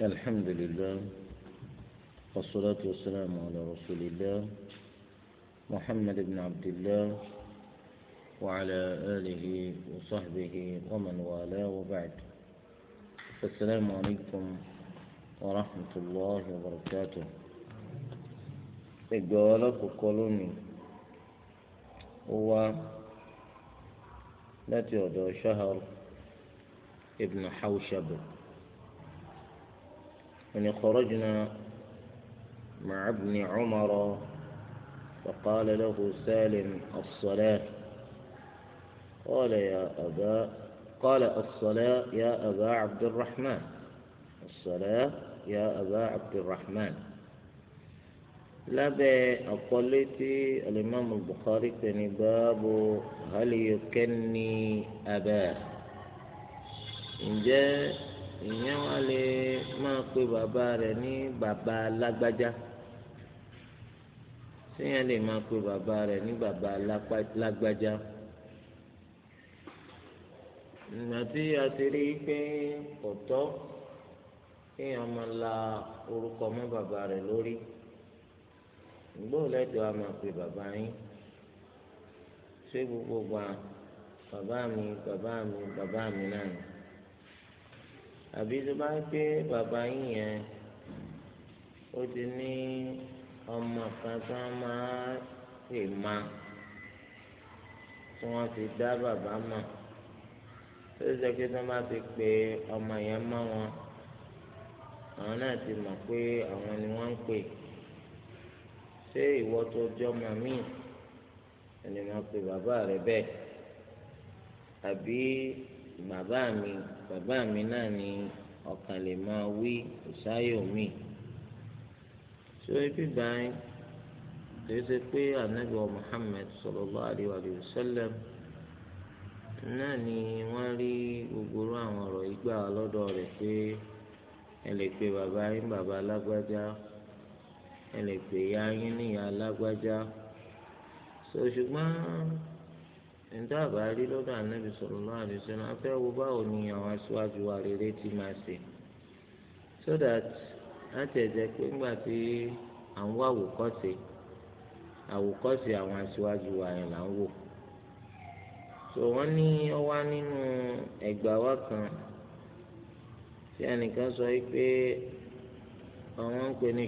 الحمد لله والصلاة والسلام على رسول الله محمد بن عبد الله وعلى آله وصحبه ومن والاه وبعد السلام عليكم ورحمة الله وبركاته إجوالك كولوني هو لا شهر ابن حوشب يعني خرجنا مع ابن عمر فقال له سالم الصلاة قال يا أبا قال الصلاة يا أبا عبد الرحمن الصلاة يا أبا عبد الرحمن لابي أقلتي الإمام البخاري كان باب هل يكني أباه إن جاء èèyàn ma lè máa pe bàbá Baba ní bàbá lágbájá lè máa pe bàbá ní bàbá a ti rí i pé kò kéèyàn máa la orúkọ mọ́ bàbá lórí ìgbóòlẹ́dọ̀ a máa pe bàbá yín ṣé gbogbo gbà bàbá mi bàbá mi bàbá mi náà àbí tó bá ń pé bàbá yín yẹn ó ti ní ọmọ kan tó máa lè máa tí wọ́n ti dá bàbá mọ̀ tó ṣe pé tó bá ti pè ọmọ yẹn mọ́ wọn àwọn náà ti mọ̀ pé àwọn ni wọ́n ń pè ṣé ìwọ tó jọ mọ̀ míì ẹni máa pè bàbá rẹ bẹ́ẹ̀ àbí bàbá mi bàbá mi náà ni ọkàn lè máa wí ìsáyò mi tí ó bí báyìí tí ó ṣe pé ànábì wa Muhammad sallallahu alaihi wa sallam náà ni wọ́n rí gbogbo àwọn ọ̀rọ̀ yìí gbà lọ́dọ̀ rẹ̀ pé ẹ lè pe bàbá yín bàbá alágbájá ẹ lè pe ìyá yín níyà alágbájá ṣùgbọ́n. So, níta àbá rí lọ́dọ̀ ànábì sọ̀rọ̀ náà àdìsọ́ náà afẹ́ wo báwo ni àwọn aṣáájú wa rere ti máa ṣe so that láti ẹ̀jẹ̀ pé ńgbà tí à ń wá àwọn aṣáájú wa yẹn là ń wò so wọ́n ní ọ wá nínú kan tí ẹnìkan sọ yìí pé àwọn ń pè ní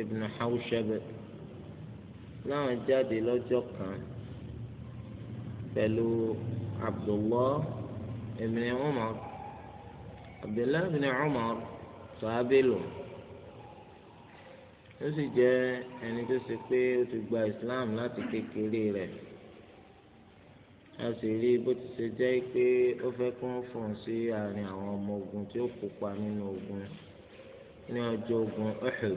ibn Hawshab láwọn kan. pẹ̀lú abdullah ibn umar abdullah ibn umar sàábìlù ó sì jẹ́ ẹni tó ṣe pé ó ti gba islam láti kékeré rẹ̀ a sì rí bó ti ṣe jẹ́ pé ó fẹ́ kí wọ́n sí àárín àwọn ọmọ ogun tí ó kópa nínú ogun ní ọjọ́ ogun Uhud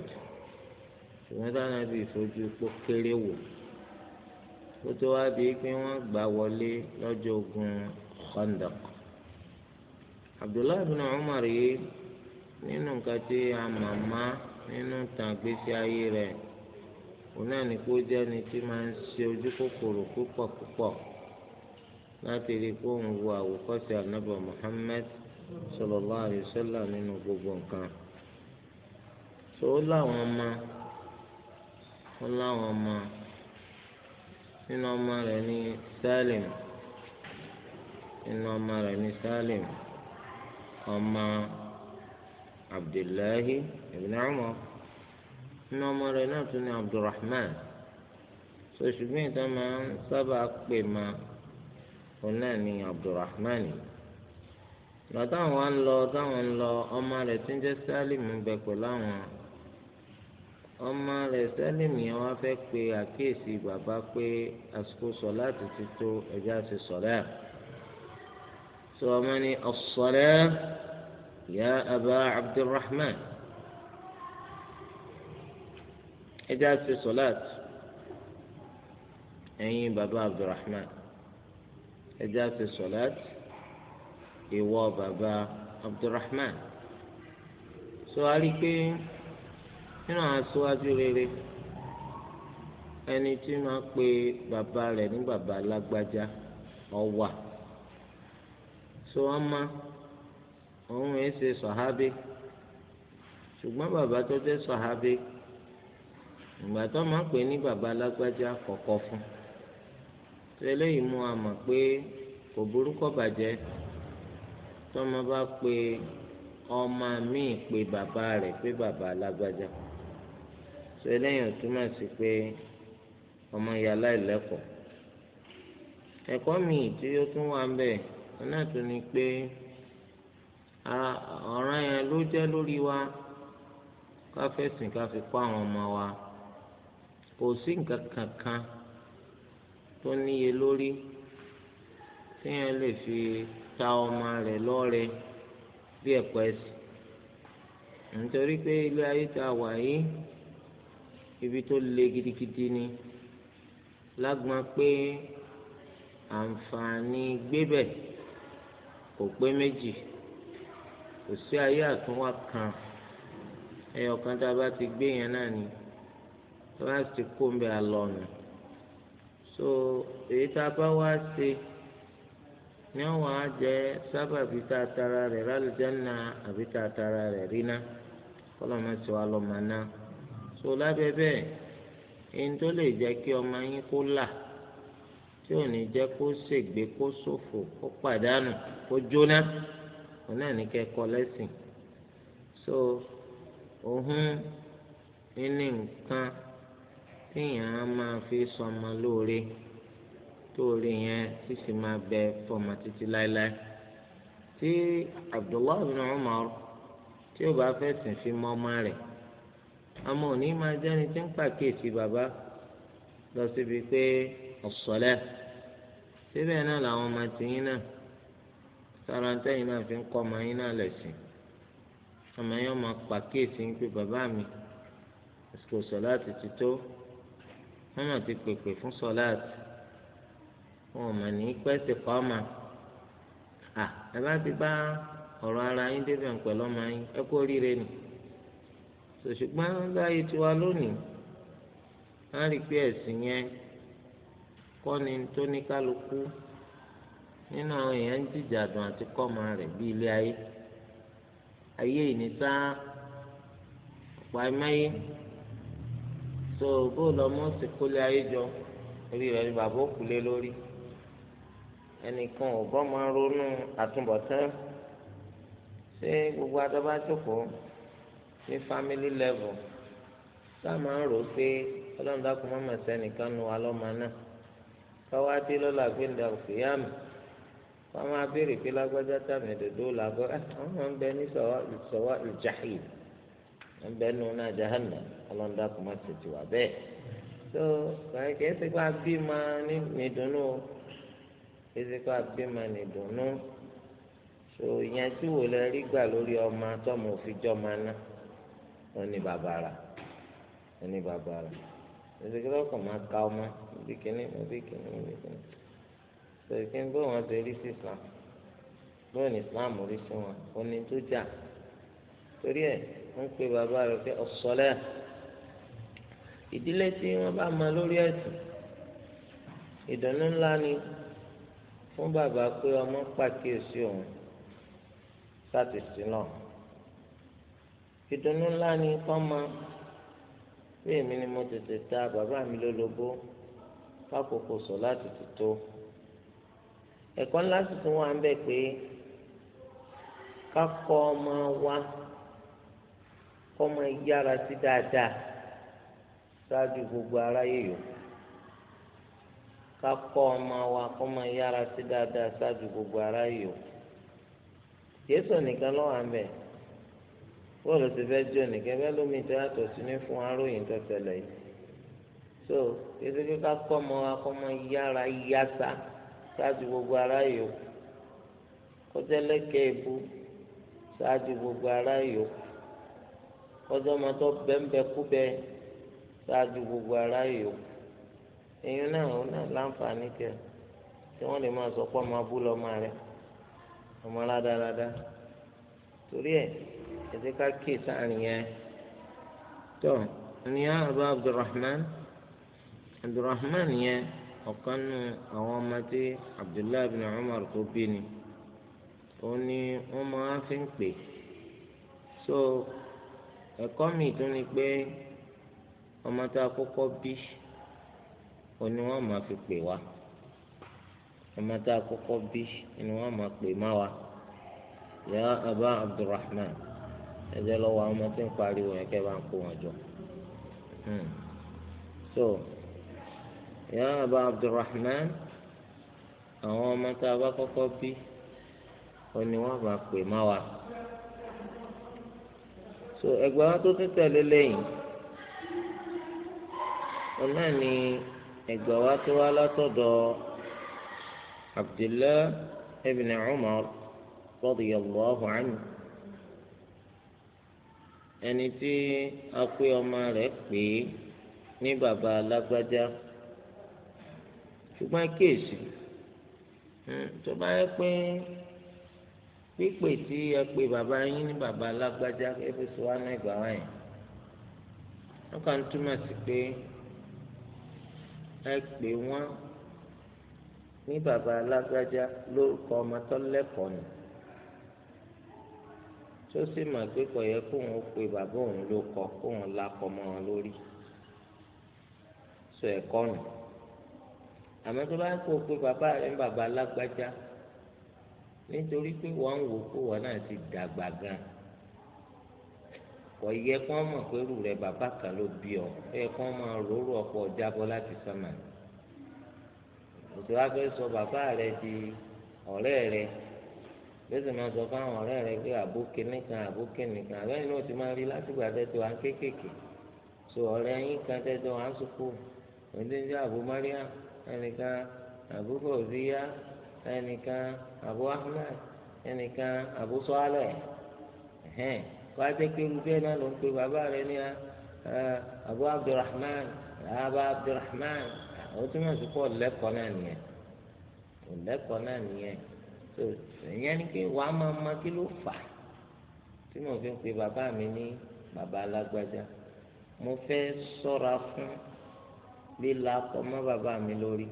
ṣùgbọ́n táwọn ẹbí ìfojú pọ́ kéré wò ó tó wá bíi pé wọ́n gbà wọlé lọ́jọ́ ogun Khandaq Abdullahi bin Umar yìí nínú nǹkan tí a màmá nínú tàgbésí ayé rẹ̀ òun náà ní kó jẹ́ ni tí máa ń ṣe ojú kòkòrò púpọ̀ púpọ̀ láti rí i pé wo àwòkọ́ṣe ànábọ̀ Muhammad sallallahu alaihi nínú gbogbo nǹkan tó láwọn ọmọ wọn láwọn ọmọ nínú ọmọ rẹ̀ ní Salim nínú ọmọ rẹ̀ ní Salim ọmọ Abdullahi ibn Umar nínú ọmọ rẹ̀ náà tún ní Abdulrahman so ṣùgbọ́n ìtàn máa ń sábà pè máa òun náà ní Abdulrahman lọ táwọn ń lọ táwọn ń lọ ọmọ rẹ̀ tí ń jẹ́ Salim ń bẹ pẹ̀lú àwọn ọmọ rẹ̀ sẹ́lìmì yẹn wá fẹ́ pe àkíyèsí bàbá pé àsìkò sọ̀lá ti ti tó ẹja ti sọ̀lá sọ ọmọ ni ọ̀sọ̀lá ya aba abdulrahman ẹja ti sọ̀lá ẹ̀yin bàbá abdulrahman ẹja ti sọ̀lá ìwọ bàbá abdulrahman sọ àrí pé. nínú àwọn aṣáájú rere ẹni tí máa pe bàbá rẹ̀ ní bàbá alágbájá ọwà so ọmọ òun ẹ ṣe sọ̀hábé ṣùgbọ́n bàbá tó jẹ́ sọ̀hábé ìgbà tó máa pe ní bàbá alágbájá kọ̀kọ́ fún tó eléyìí mú a pé kò burúkọ bàjẹ́ tọ́mọ bá pe ọmọ míì pe bàbá rẹ̀ pé bàbá alágbájá. sọ eléyìí túmọ̀ sí pé ọmọ ìyá láìlẹ́kọ̀ọ́ ẹ̀kọ́ míì tí ó tún wà ń bẹ̀ ọ̀nà tó ni pé ọ̀ràn yẹn ló jẹ́ lórí wa ká fẹ̀sìn ká fi kọ́ àwọn ọmọ wa kò sí nǹkan kankan tó níye lórí téèyàn lè fi ta ọmọ rẹ̀ lọ́rẹ bí ẹ̀kọ́ ẹ̀sìn nítorí pé ilé ayé tá wà yìí ibi tó le gidigidi ni lágbọn pé àǹfààní gbébẹ̀ kò pé méjì kò sí ayé àtúnwá kan ẹyọ kan tá a bá ti gbé yẹn náà ni tó bá ti kó ń bẹ àlọ ọ̀nà so èyí tá a bá wá ṣe ní àwọn àjẹ sábàbí tá a tara rẹ̀ rálùjẹ́ náà àbí tá a tara rẹ̀ rí náà kọ́lọ́mọ́sí wa lọ́ọ́ máa náà so lábẹ́ bẹ́ẹ̀ ẹni tó lè jẹ́ kí ọmọ yín kó là tí ò ní jẹ́ kó ṣègbè kó ṣòfò kó pàdánù kó jóná òun náà ní kẹ́kọ̀ọ́ lẹ́sìn so òun ní nǹkan téèyàn á máa fi sọmọ lóore tóore yẹn sísì máa bẹ fọmọ títí láéláé tí Abdullahi bin Umar tí ó bá fẹ́ sìn fi mọ́ ọmọ rẹ̀ àmọ́ òní máa jẹ́ni tí ń pàkíyèsí bàbá lọ síbi pé ọ̀sọ̀lẹ̀ síbẹ̀ náà làwọn ọmọ tìyín náà sára tẹ́yìn náà fi ń kọ́ ọmọ yín náà lẹ̀sìn ọmọ yín ọmọ pàkíyèsí ń pè bàbá mi àsìkò sọ̀láàtì ti tó wọ́n mà ti pèpè fún sọ̀láàtì wọn ò mà ní pẹ́sì kọ́ ọmọ à ẹ bá ti bá ọ̀rọ̀ ara yín débẹ̀ ń pẹ̀lú ọmọ yín ẹ kú oríire nìí ṣùgbọ́n láyé tiwa lónìí á rí pé ẹ̀sìn yẹn kọ́ ni tó ní kálukú nínú àwọn èèyàn ń jìjàdùn àti kọ́mọ rẹ̀ bí ilé ayé ayé ìní tá ọ̀pọ̀ ẹ̀mẹ́yé tó bó lọ́mọ́ sì kólé ayé jọ orí rẹ̀ ni bàbá òkúlé lórí ẹnìkan ò bọ́ máa ronú àtúbọ̀tán ṣé gbogbo adọ́bá jókòó ní family level sáà máa ń rò ó pé ọlọ́run dákun má mà sẹ́nìkan nu wa lọ́mọ náà káwá dé lọ́la gbẹ̀ndà òkè yá mi wọ́n máa béèrè pé lágbájá tàbí dòdò làgọ́ ẹ̀ eh, wọ́n máa ń bẹ ní sọ̀wá ìjàhìn ń bẹ nù náà jahanna ọlọ́run dákun má tètè wà bẹ́ẹ̀ tó kàkẹ́ ẹ̀ sẹ́kọ́ abí máa ní ìdùnnú ẹ̀ sẹ́kọ́ abí máa ní ìdùnnú so ìyẹn tí wò lẹ rí gbà lórí ọmọ tọ́mọ òfin jọ́ máa wọn ní bàbàrà wọn ní bàbàrà ìṣèkìlọ ọkọ máa ka ọmọ níbi kíní níbi kíní níbi kíní ṣèkí bó wọn ṣe rí sí islam bó ní islam rí sí wọn oní tó jà torí ẹ wọn pe bàbá rẹ pé ọsọlẹ ìdílé tí wọn bá máa lórí ẹsùn ìdùnnú ńlá ni fún bàbá pé ọmọ pàkíyèsí òun sáà náà. ìdùnnú ńlá ni fọ́mọ bí èmi ni mo tètè ta bàbá mi lólobó fákòókò sọ láti tètò ẹ̀kọ́ ńlá sì tún wà ń bẹ̀ pé ọmọ wa yára sí dáadáa ṣáájú gbogbo aráyé yòókù ọmọ wa bọ́ọ̀lù ti fẹ́ jọ nìkan bẹ́ẹ̀ lómi tó yàtọ̀ sí ní fún aróyìn tó tẹ̀lé yìí so ètò kíkà kọ́mọ akọ́mọ yára yása ṣáájú gbogbo ara yòókù kọjá lẹ́kẹ̀ èbú ṣáájú gbogbo ara yòókù kọjá ọmọ tó bẹ́ńbẹ́ kú bẹ́ẹ̀ ṣáájú gbogbo ara yòókù èyí náà ó náà láǹfààní kẹ tí wọ́n lè máa sọ pé ọmọ abúlé ọmọ rẹ ọmọ rádaràda torí ẹ̀ ẹsẹ ká kíyè sáàrin yẹn eh. tó ènìyàn àbá ah, abdulrahman abdulrahman yẹn ọ̀kan eh, eh, nù àwọn ọmọ tí abdullahi bin umar tó bí ni òun ni wọ́n máa fi ń pè so ẹ̀kọ́ mi tún ni pé ọmọ tá a kọ́kọ́ bí òun ni wọ́n máa fi pè wá ọmọ tá a kọ́kọ́ bí ni wọ́n máa pè má wa ya aba abdulrahman ẹjẹ lọ́wọ́ àwọn ọmọ tí ń pariwo yẹn kẹ́ bá ń kó wọn jọ. Hmm. so ya Aba Abdulrahman àwọn ọmọ tá a bá kọ́kọ́ bí wọn bá pè má wa. so ẹgbẹ́ wa tó tún tẹ̀lé lẹ́yìn wọn náà ni ẹgbẹ́ wa tó wá látọ̀dọ̀ Abdullah ibn Umar radiyallahu anhu ẹni tí a pé ọmọ rẹ̀ pè é ní bàbá alágbájá ṣùgbọ́n kíyèsí tó bá yẹ pé pípè tí ẹ pé bàbá yín ní bàbá alágbájá ẹbí sọ wá náà ìgbà wáyé wọn kàn túmọ̀ sí pé ẹ pè wọ́n ní bàbá alágbájá lórúkọ ọmọ tó lẹ́kọ̀ọ́ nù tó sì mà pé kò yẹ kóun ó pe bàbá òun ló kọ kóun lakọ mọ́ wọn lórí sọ ẹ̀kọ́ nù àmọ́ tó bá kó o pé bàbá rẹ̀ ń bàbá lágbájá nítorí pé wọ́n ń wò pé wọ́n náà ti dàgbà gan kò yẹ kó mọ̀ pé rú rẹ̀ bàbá kan ló bí ọ ó yẹ kó máa róró ọ̀pọ̀ jábọ́ láti sọ́mà òtò wá fẹ́ sọ bàbá rẹ̀ di ọ̀rẹ́ rẹ̀ yóò sì máa sọ fáwọn ọ̀rẹ́ rẹ pé àbókè nìkan àbókè nìkan àbẹ́yìn náà ti máa rí látìgbà tẹ́tí wa kéékèèké so ọ̀rẹ́ yín kan tẹ́tí wa ń sùkú onídéjọ́ àbó Maria ẹnìkan àbó fòzíyá ẹnìkan àbó Ahmed ẹnìkan àbó sọ́álẹ̀ ẹ̀hẹ́n wá jẹ́ pé rúbẹ́ náà ló ń pe bàbá rẹ ní ah, ah, àbó Abdulrahman àbá Abdulrahman àwọn tó máa sùkú ọ̀lẹ́kọ̀ọ́ náà nìyẹn ọ̀lẹ́kọ̀ọ́ náà nìyẹn so ìyẹn ni pé wàá máa ma kí ló fà á tí mo fi ń pe bàbá mi ní bàbá alágbájá mo fẹ́ sọ́ra fún líla akọ mọ́ bàbá mi lórí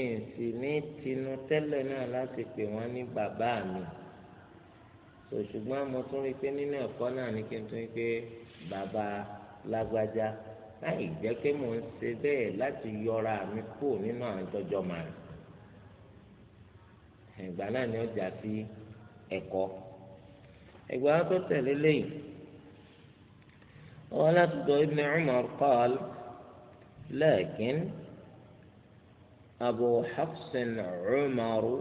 èsì ní tinú tẹ́lẹ̀ náà láti pè wọ́n ní bàbá mi so ṣùgbọ́n mo tún rí i pé nínú ẹ̀kọ́ náà ní kí n tún rí i pé bàbá lágbájá láì jẹ́ pé mò ń ṣe bẹ́ẹ̀ láti yọra mi kú nínú àwọn ìtọ́jọ́ ìgbà náà ni ọjà sí ẹ̀kọ́ ìgbà tó tẹ̀lé lẹ́yìn wọn láti dọ̀ ibn Umar qal lakin abu hafsin umaru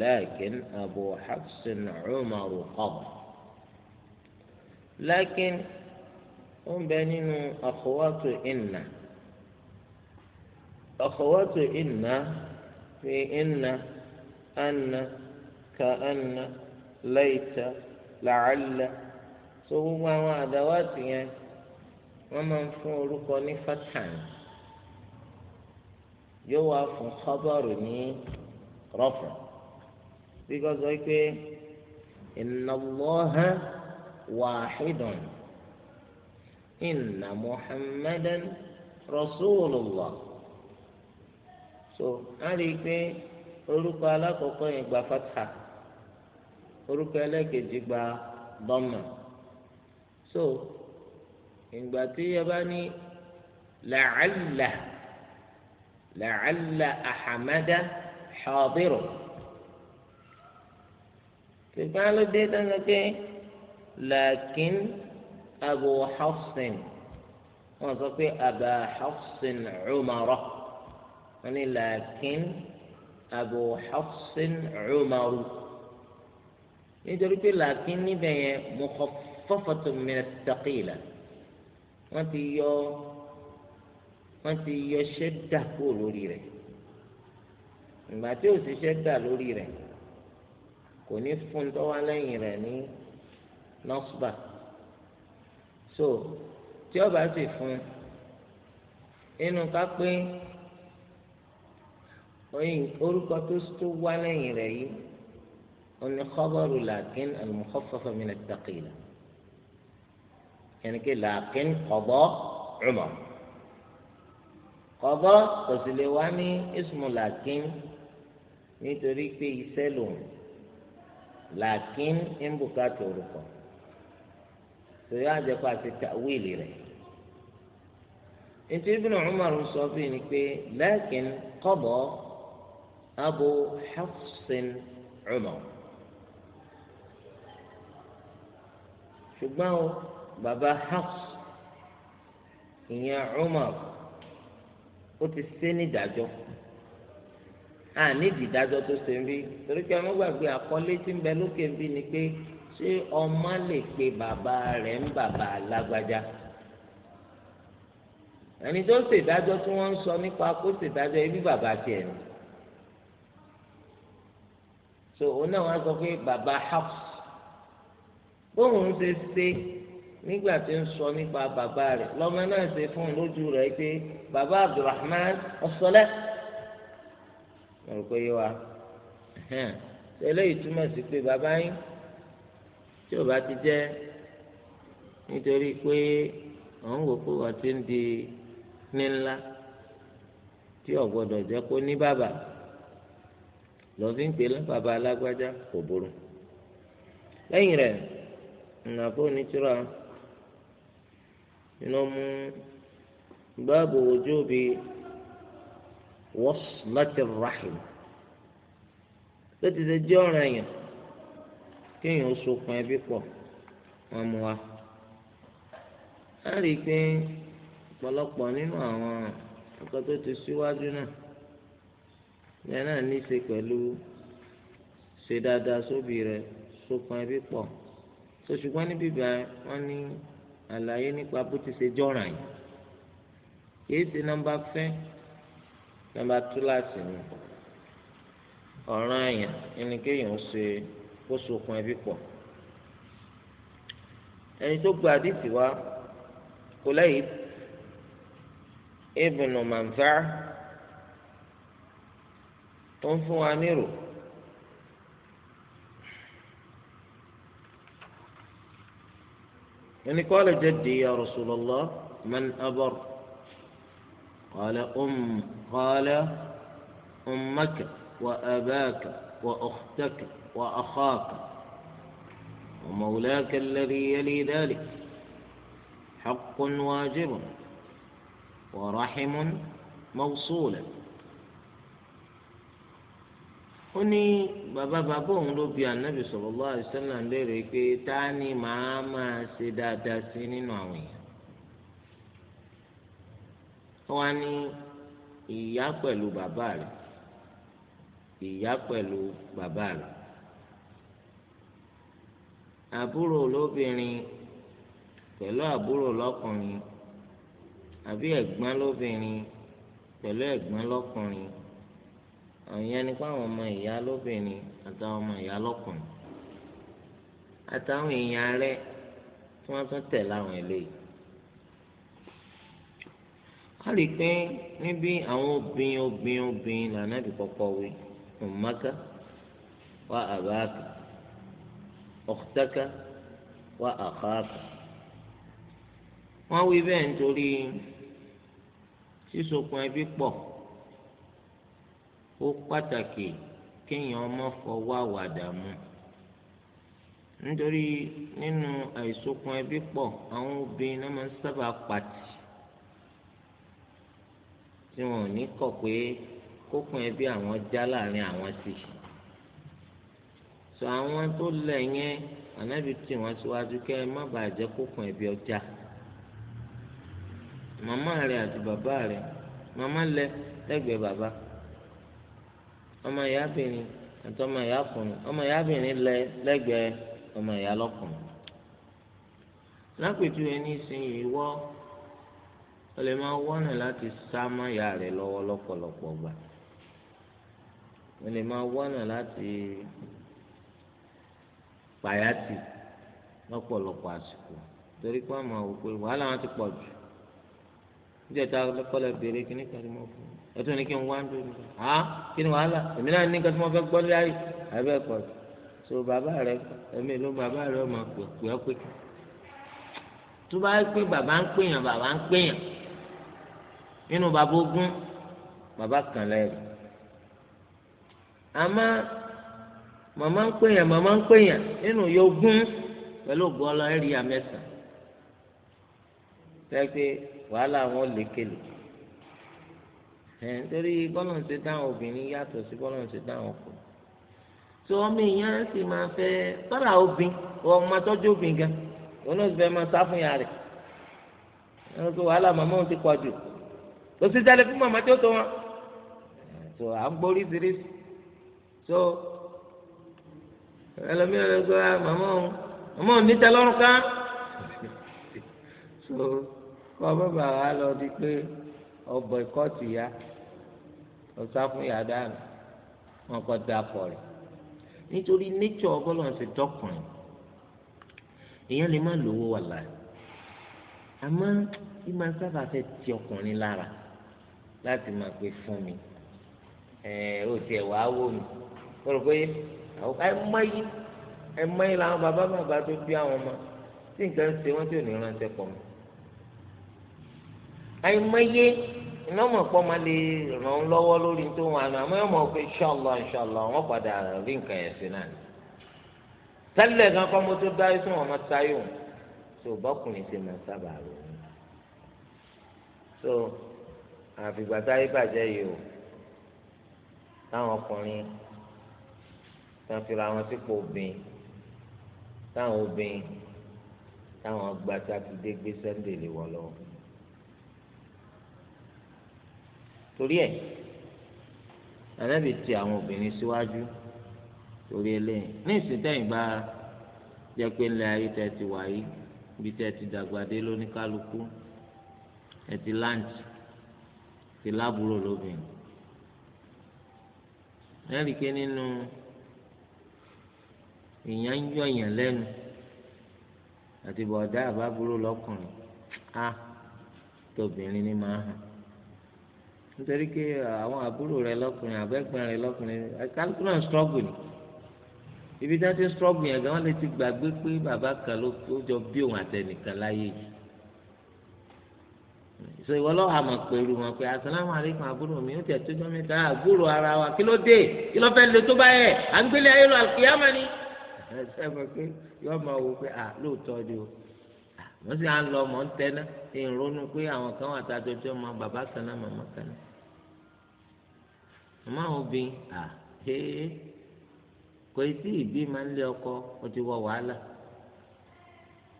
lakin abu hafsin umaru qabl lakin ó ń bẹ nínú akhawatu inna akhawatu inna fi inna. أن كأن ليت لعل so gbogbo àwọn àdáwàtì yẹn wọ́n máa ń fún orúkọ ní fathan yóò wá fún khabaru ní rafa bí kò sọ pé inna Allaha wahidun inna Muhammadan rasulullah so a rí i pé. orúkọ alákọ̀ọ́kọ́ yẹn gba fatha orúkọ ẹlẹ́kejì gba dhamma so ìgbà tí yẹ bá ní la'alla la'alla ahamada hadiru tìgbà ló dé dáná pé làákín abu hafsin wọn sọ pé aba hafsin umara wọn ni làákín abu hafsin umaru nítorí pé làákín níbẹ̀ yẹn mukhaffafatu min at-taqila wọ́n ti yọ wọ́n ti yọ ṣẹ́dà kúrò lórí rẹ̀ ìgbà tí ò sí ṣẹ́dà lórí rẹ̀ kò ní fún tọ́wá lẹ́yìn rẹ̀ ní nọ́sùbà so tí ó bá sì fún inú ká pé oyin orúkọ tó tó wá lẹ́yìn rẹ̀ yìí oní kọ́bọ̀rù làákín al-mukhaffafa min al-thaqila yẹn ké làákín qada Umar qada kò sì lè wá ní ismu làákín nítorí pé iṣẹ́ lòun làákín ń bùkátà orúkọ sèyí àti tàwíìlì rẹ̀ ètò Ibn Umar sọ fún yìí ni pé làákín qada. أبو حفص عمر شو bàbá Hafs ìyẹn Umar ó ti ṣe nídàájọ́ a nídìí ìdájọ́ tó ṣe ń bí torí pé àwọn gbàgbé àkọlé tí ń bẹ lókè ń bí ni pé ṣé ọmọ lè pe bàbá rẹ̀ ń bàbá lágbájá ẹni tó ṣèdájọ́ tí wọ́n ń sọ nípa kó ṣèdájọ́ ibi bàbá tiẹ̀ ni so òun náà wá sọ pé bàbá Hafs bóun ṣe ṣe nígbà tí ń sọ nípa bàbá rẹ̀ lọ́mọ náà ṣe fún un lójú rẹ̀ pé bàbá Abdulrahman ọ̀sọ́lẹ̀ mo rò pé yé wa eléyìí túmọ̀ sí pé bàbá yín tí ò bá ti jẹ́ nítorí pé òun wò pé wọ́n ti ń di ní ńlá tí ò jẹ́ kó ní bàbá lọ fi ń pè lọ bàbá alágbájá kò burú lẹ́yìn rẹ̀ ìnàbó onítìrọ iná mú báàbò ojú bi waslati rahim tó ti ṣe jẹ́ ọ̀ràn èèyàn kéèyàn ó sokun ẹbí pọ̀ wọn mú wa a rí i pé ọ̀pọ̀lọpọ̀ nínú àwọn ẹ̀kọ́ tó ti síwájú náà ìyẹn náà ní í ṣe pẹ̀lú ṣe dáadáa sóbì rẹ sópọn ẹbí pọ̀ tó ṣùgbọ́n níbí báyìí wọ́n ní àlàyé nípa bó ti ṣe jọ̀ràn yìí kìí ṣe nọ́mbà fẹ́ nọ́mbà tú láti ní ọ̀ràn àyàn ẹni kéèyàn ṣe kó sópọn ẹbí pọ̀ ẹni tó gba àdìsí wa kò lẹ́yìn ibùnú màǹfà. tó ń fún wa nírò يعني قال جدي يا رسول الله من أبر قال أم قال أمك وأباك وأختك وأخاك ومولاك الذي يلي ذلك حق واجب ورحم موصولا ó ní bàbá bàbá òun ló bi ànábì sallallahu alaihi wasallam léèrè pé ta ni màá máa ṣe dáadáa sí nínú àwọn èèyàn wọ́n á ní ìyá pẹ̀lú bàbá rẹ̀ ìyá pẹ̀lú bàbá rẹ̀ àbúrò lóbìnrin pẹ̀lú àbúrò lọ́kùnrin àbí ẹ̀gbọ́n lóbìnrin pẹ̀lú ẹ̀gbọ́n lọ́kùnrin àyàn ni pé àwọn ọmọ ìyá lóbìnrin àtàwọn ọmọ ìyá lọ́kùnrin àtàwọn èèyàn rẹ tí wọ́n tún tẹ̀ láwọn eléyìí. a lè pé níbi àwọn obìnrin obìnrin obìnrin lànà bí kọ́kọ́ wí ummaka wa abaka ukhtaka wa akhaka wọ́n wí bẹ́ẹ̀ nítorí sísokùn ẹbí pọ̀. ó pàtàkì kéèyàn ọmọ fọwọ́ àwàdà mu nítorí nínú àìsókun ẹbí pọ̀ àwọn obìnrin náà máa ń sábà pàtì tí wọn ò ní kọ̀ pé kókun ẹbí àwọn já láàrin àwọn sí sọ àwọn tó lẹ̀ yẹn tí wọ́n síwájú kẹ́ ẹ má bàa jẹ́ kókun ẹbí ọjà màmá rẹ̀ àti bàbá rẹ̀ màmá lẹ lẹ́gbẹ̀ẹ́ ọmọ ìyá bìnrin àti ọmọ ìyá kùnrin ọmọ ìyá bìnrin lẹ lẹ́gbẹ̀ẹ́ ọmọ ìyá lọ́kùnrin lápèjúwe ní ìsinyìí wọ́ ọ lè máa wọ́nà láti sá mọ́ ìyá rẹ̀ lọ́wọ́ lọ́pọ̀lọpọ̀ gbà o lè máa wọ́nà láti pàyàtì lọ́pọ̀lọpọ̀ àsìkò torí pé àmọ́ òkú wàhálà wọn ti pọ̀ jù níjẹ̀ta kọ́lẹ̀ béèrè kíní kan ní mọ́ fún un ẹtú ni kí n wá ń dúró ha kí ni wàhálà èmi náà ní kẹtí mo fẹ́ gbọ́ láyé abẹ́ ẹ̀kọ́ so bàbá rẹ ẹ̀mí ló bàbá rẹ ọmọ pè ọ́ pé tó bá pé bàbá ń pèèyàn bàbá ń pèèyàn nínú bàbá ogún bàbá kan lẹ́rù àmọ́ màmá ń pèèyàn màmá ń pèèyàn nínú yogún pẹ̀lú ògbọ́n lọ ẹ̀rí àmẹ́sàn tẹ́ pé wàhálà wọn lékele ẹ̀ torí bọ́lọ̀ ń ṣe dáhùn obìnrin yàtọ̀ sí bọ́lọ̀ ń ṣe dáhùn ọkùnrin tí ọmọ èèyàn sì máa fẹ́ tọ́lá obìn ọmọ tọ́jú obìn gan òun náà sì fẹ́ máa sá fún ya rẹ̀ ẹni tó wàhálà màmá òun ti pọ̀ jù kò sí jálẹ̀ fún màmá tí ó tó wọn tó à ń gbórí sírísì tó ẹlòmíràn ló gbọ́ màmá òun màmá òun níta lọ́rùn ká tó kọ́ bàbá wa lọ di pé ọ̀bọ̀ ìkọ́ọ̀tì ya ọ̀sá fún yàrá rẹ̀ wọn kọ́ da pọ̀ rẹ̀ nítorí nature ọgọ́lọ́ ṣe dọ́kùnrin èèyàn lè má lówó wà láàyè àmọ́ bí máa sábà fẹ́ ti ọkùnrin lára láti máa pè fún mi ẹ̀ẹ́ o tiẹ̀ wàá wò mí o rò pé ẹ mọ́yì ẹ mọ́yì làwọn bàbá bàbá tó bí àwọn ọmọ tí nǹkan ṣe wọ́n tí ò ní ránṣẹ́ pọ̀ mọ́ ẹ mọ́yì iná mọ̀ pọ́ máa lè ràn án lọ́wọ́ lórí tó wọn àná àmọ́ ẹ̀mọ́ pé inshallah inshallah wọ́n padà rí nǹkan yẹn sí náà ni. tẹ́lẹ̀ gan kọ́ mo tó dáyé fún ọmọ táyò tó bọ́kùnrin ti máa sábà rò ó. so àfìgbà táyé bàjẹ́ yìí o táwọn ọkùnrin tán fira wọn sípò obìnrin táwọn obìnrin táwọn gba sátidé gbé sẹ́ńdẹ̀ wọ̀ lọ́wọ́. torí ẹ̀ ànábì ti àwọn obìnrin síwájú torí eléyìí ní ìsìntẹ́yìn bá jẹ́ pé ńlẹ̀ ayé tẹ́ ti wáyé ibi tẹ́ ti dàgbà dé lóníkálukú ẹ ti láǹtì ti lábúrò lóbìnrin lẹ́rìí pé nínú èèyàn ń yọ èèyàn lẹ́nu àti bọ̀dá àbábúrò lọ́kùnrin á tóbìnrin ní máa hàn nítorí pé àwọn àbúrò rẹ lọkùnrin àbẹ́gbọ́n rẹ lọkùnrin kálukúrò ń strọ́gù ni ibi tí wọ́n ti ń strọ́gù yẹn gan wọ́n lè ti gbàgbé pé bàbá kan ló jọ bí òun àtẹnìkan láyé yìí so ìwọ lọ́wọ́ àmọ̀ pẹ̀lú wọn pé asalaamu aleykum àbúrò mi ó tẹ̀ tó jọ́ mẹ́ta àbúrò ara wa kí ló dé kí ló fẹ́ lè tó bá yẹ à ń gbélé ayélujára kìí àmọ́ ni. ẹ ṣe é mọ̀ pé yọ́ọ́ máa wò pé à lóòótọ́ ni wọ́n sì á lọ mọ̀ ń tẹ́ná ìrònú pé àwọn kan wà tá a jọjọ́ mọ bàbá kan náà màmá kan náà màmá obìnrin à hee kò tí ì bí máa ń lé ọkọ ó ti wọ wàhálà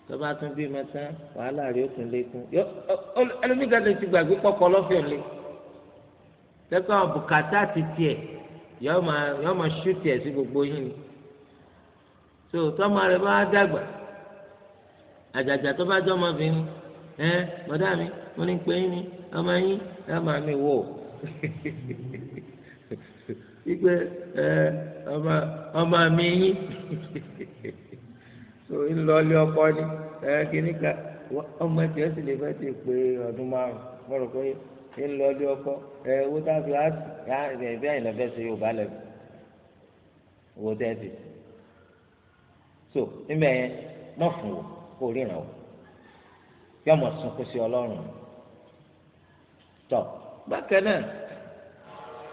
tó bá tún bí máa tán wàhálà rẹ̀ ó tún lékún ẹlòmíì gàdé ti gbàgbé pọ̀pọ̀ lọ́fẹ̀ẹ́ lé tẹ́kọ̀ bùkátà ti tiẹ̀ yọ́ọ́ máa ṣú tiẹ̀ sí gbogbo yín ni tó tọ́mọ rẹ̀ bá dàgbà àjàjà tó bá jọ́ ọmọbìnrin ẹ bọ́dá mi mo ní pé yín ni ọmọ yín ẹ máa mi wò wípé ẹ ọmọ mi yín so ńlọlé ọkọ ni ẹ kíní ká ọmọ tí ó sì lè fẹ́ ti pé ọdún márùn mo rò pé ńlọlé ọkọ ẹ owó tá a fi á sí ẹ bí àyìnlá fẹ́ ṣe Yorùbá lẹ́bi owó tẹ́ ẹ ti so níbẹ̀ yẹn mọ̀ fún wọn kó ríran o yóò mọ̀ sunkún sí ọlọ́run tọ́ bákan náà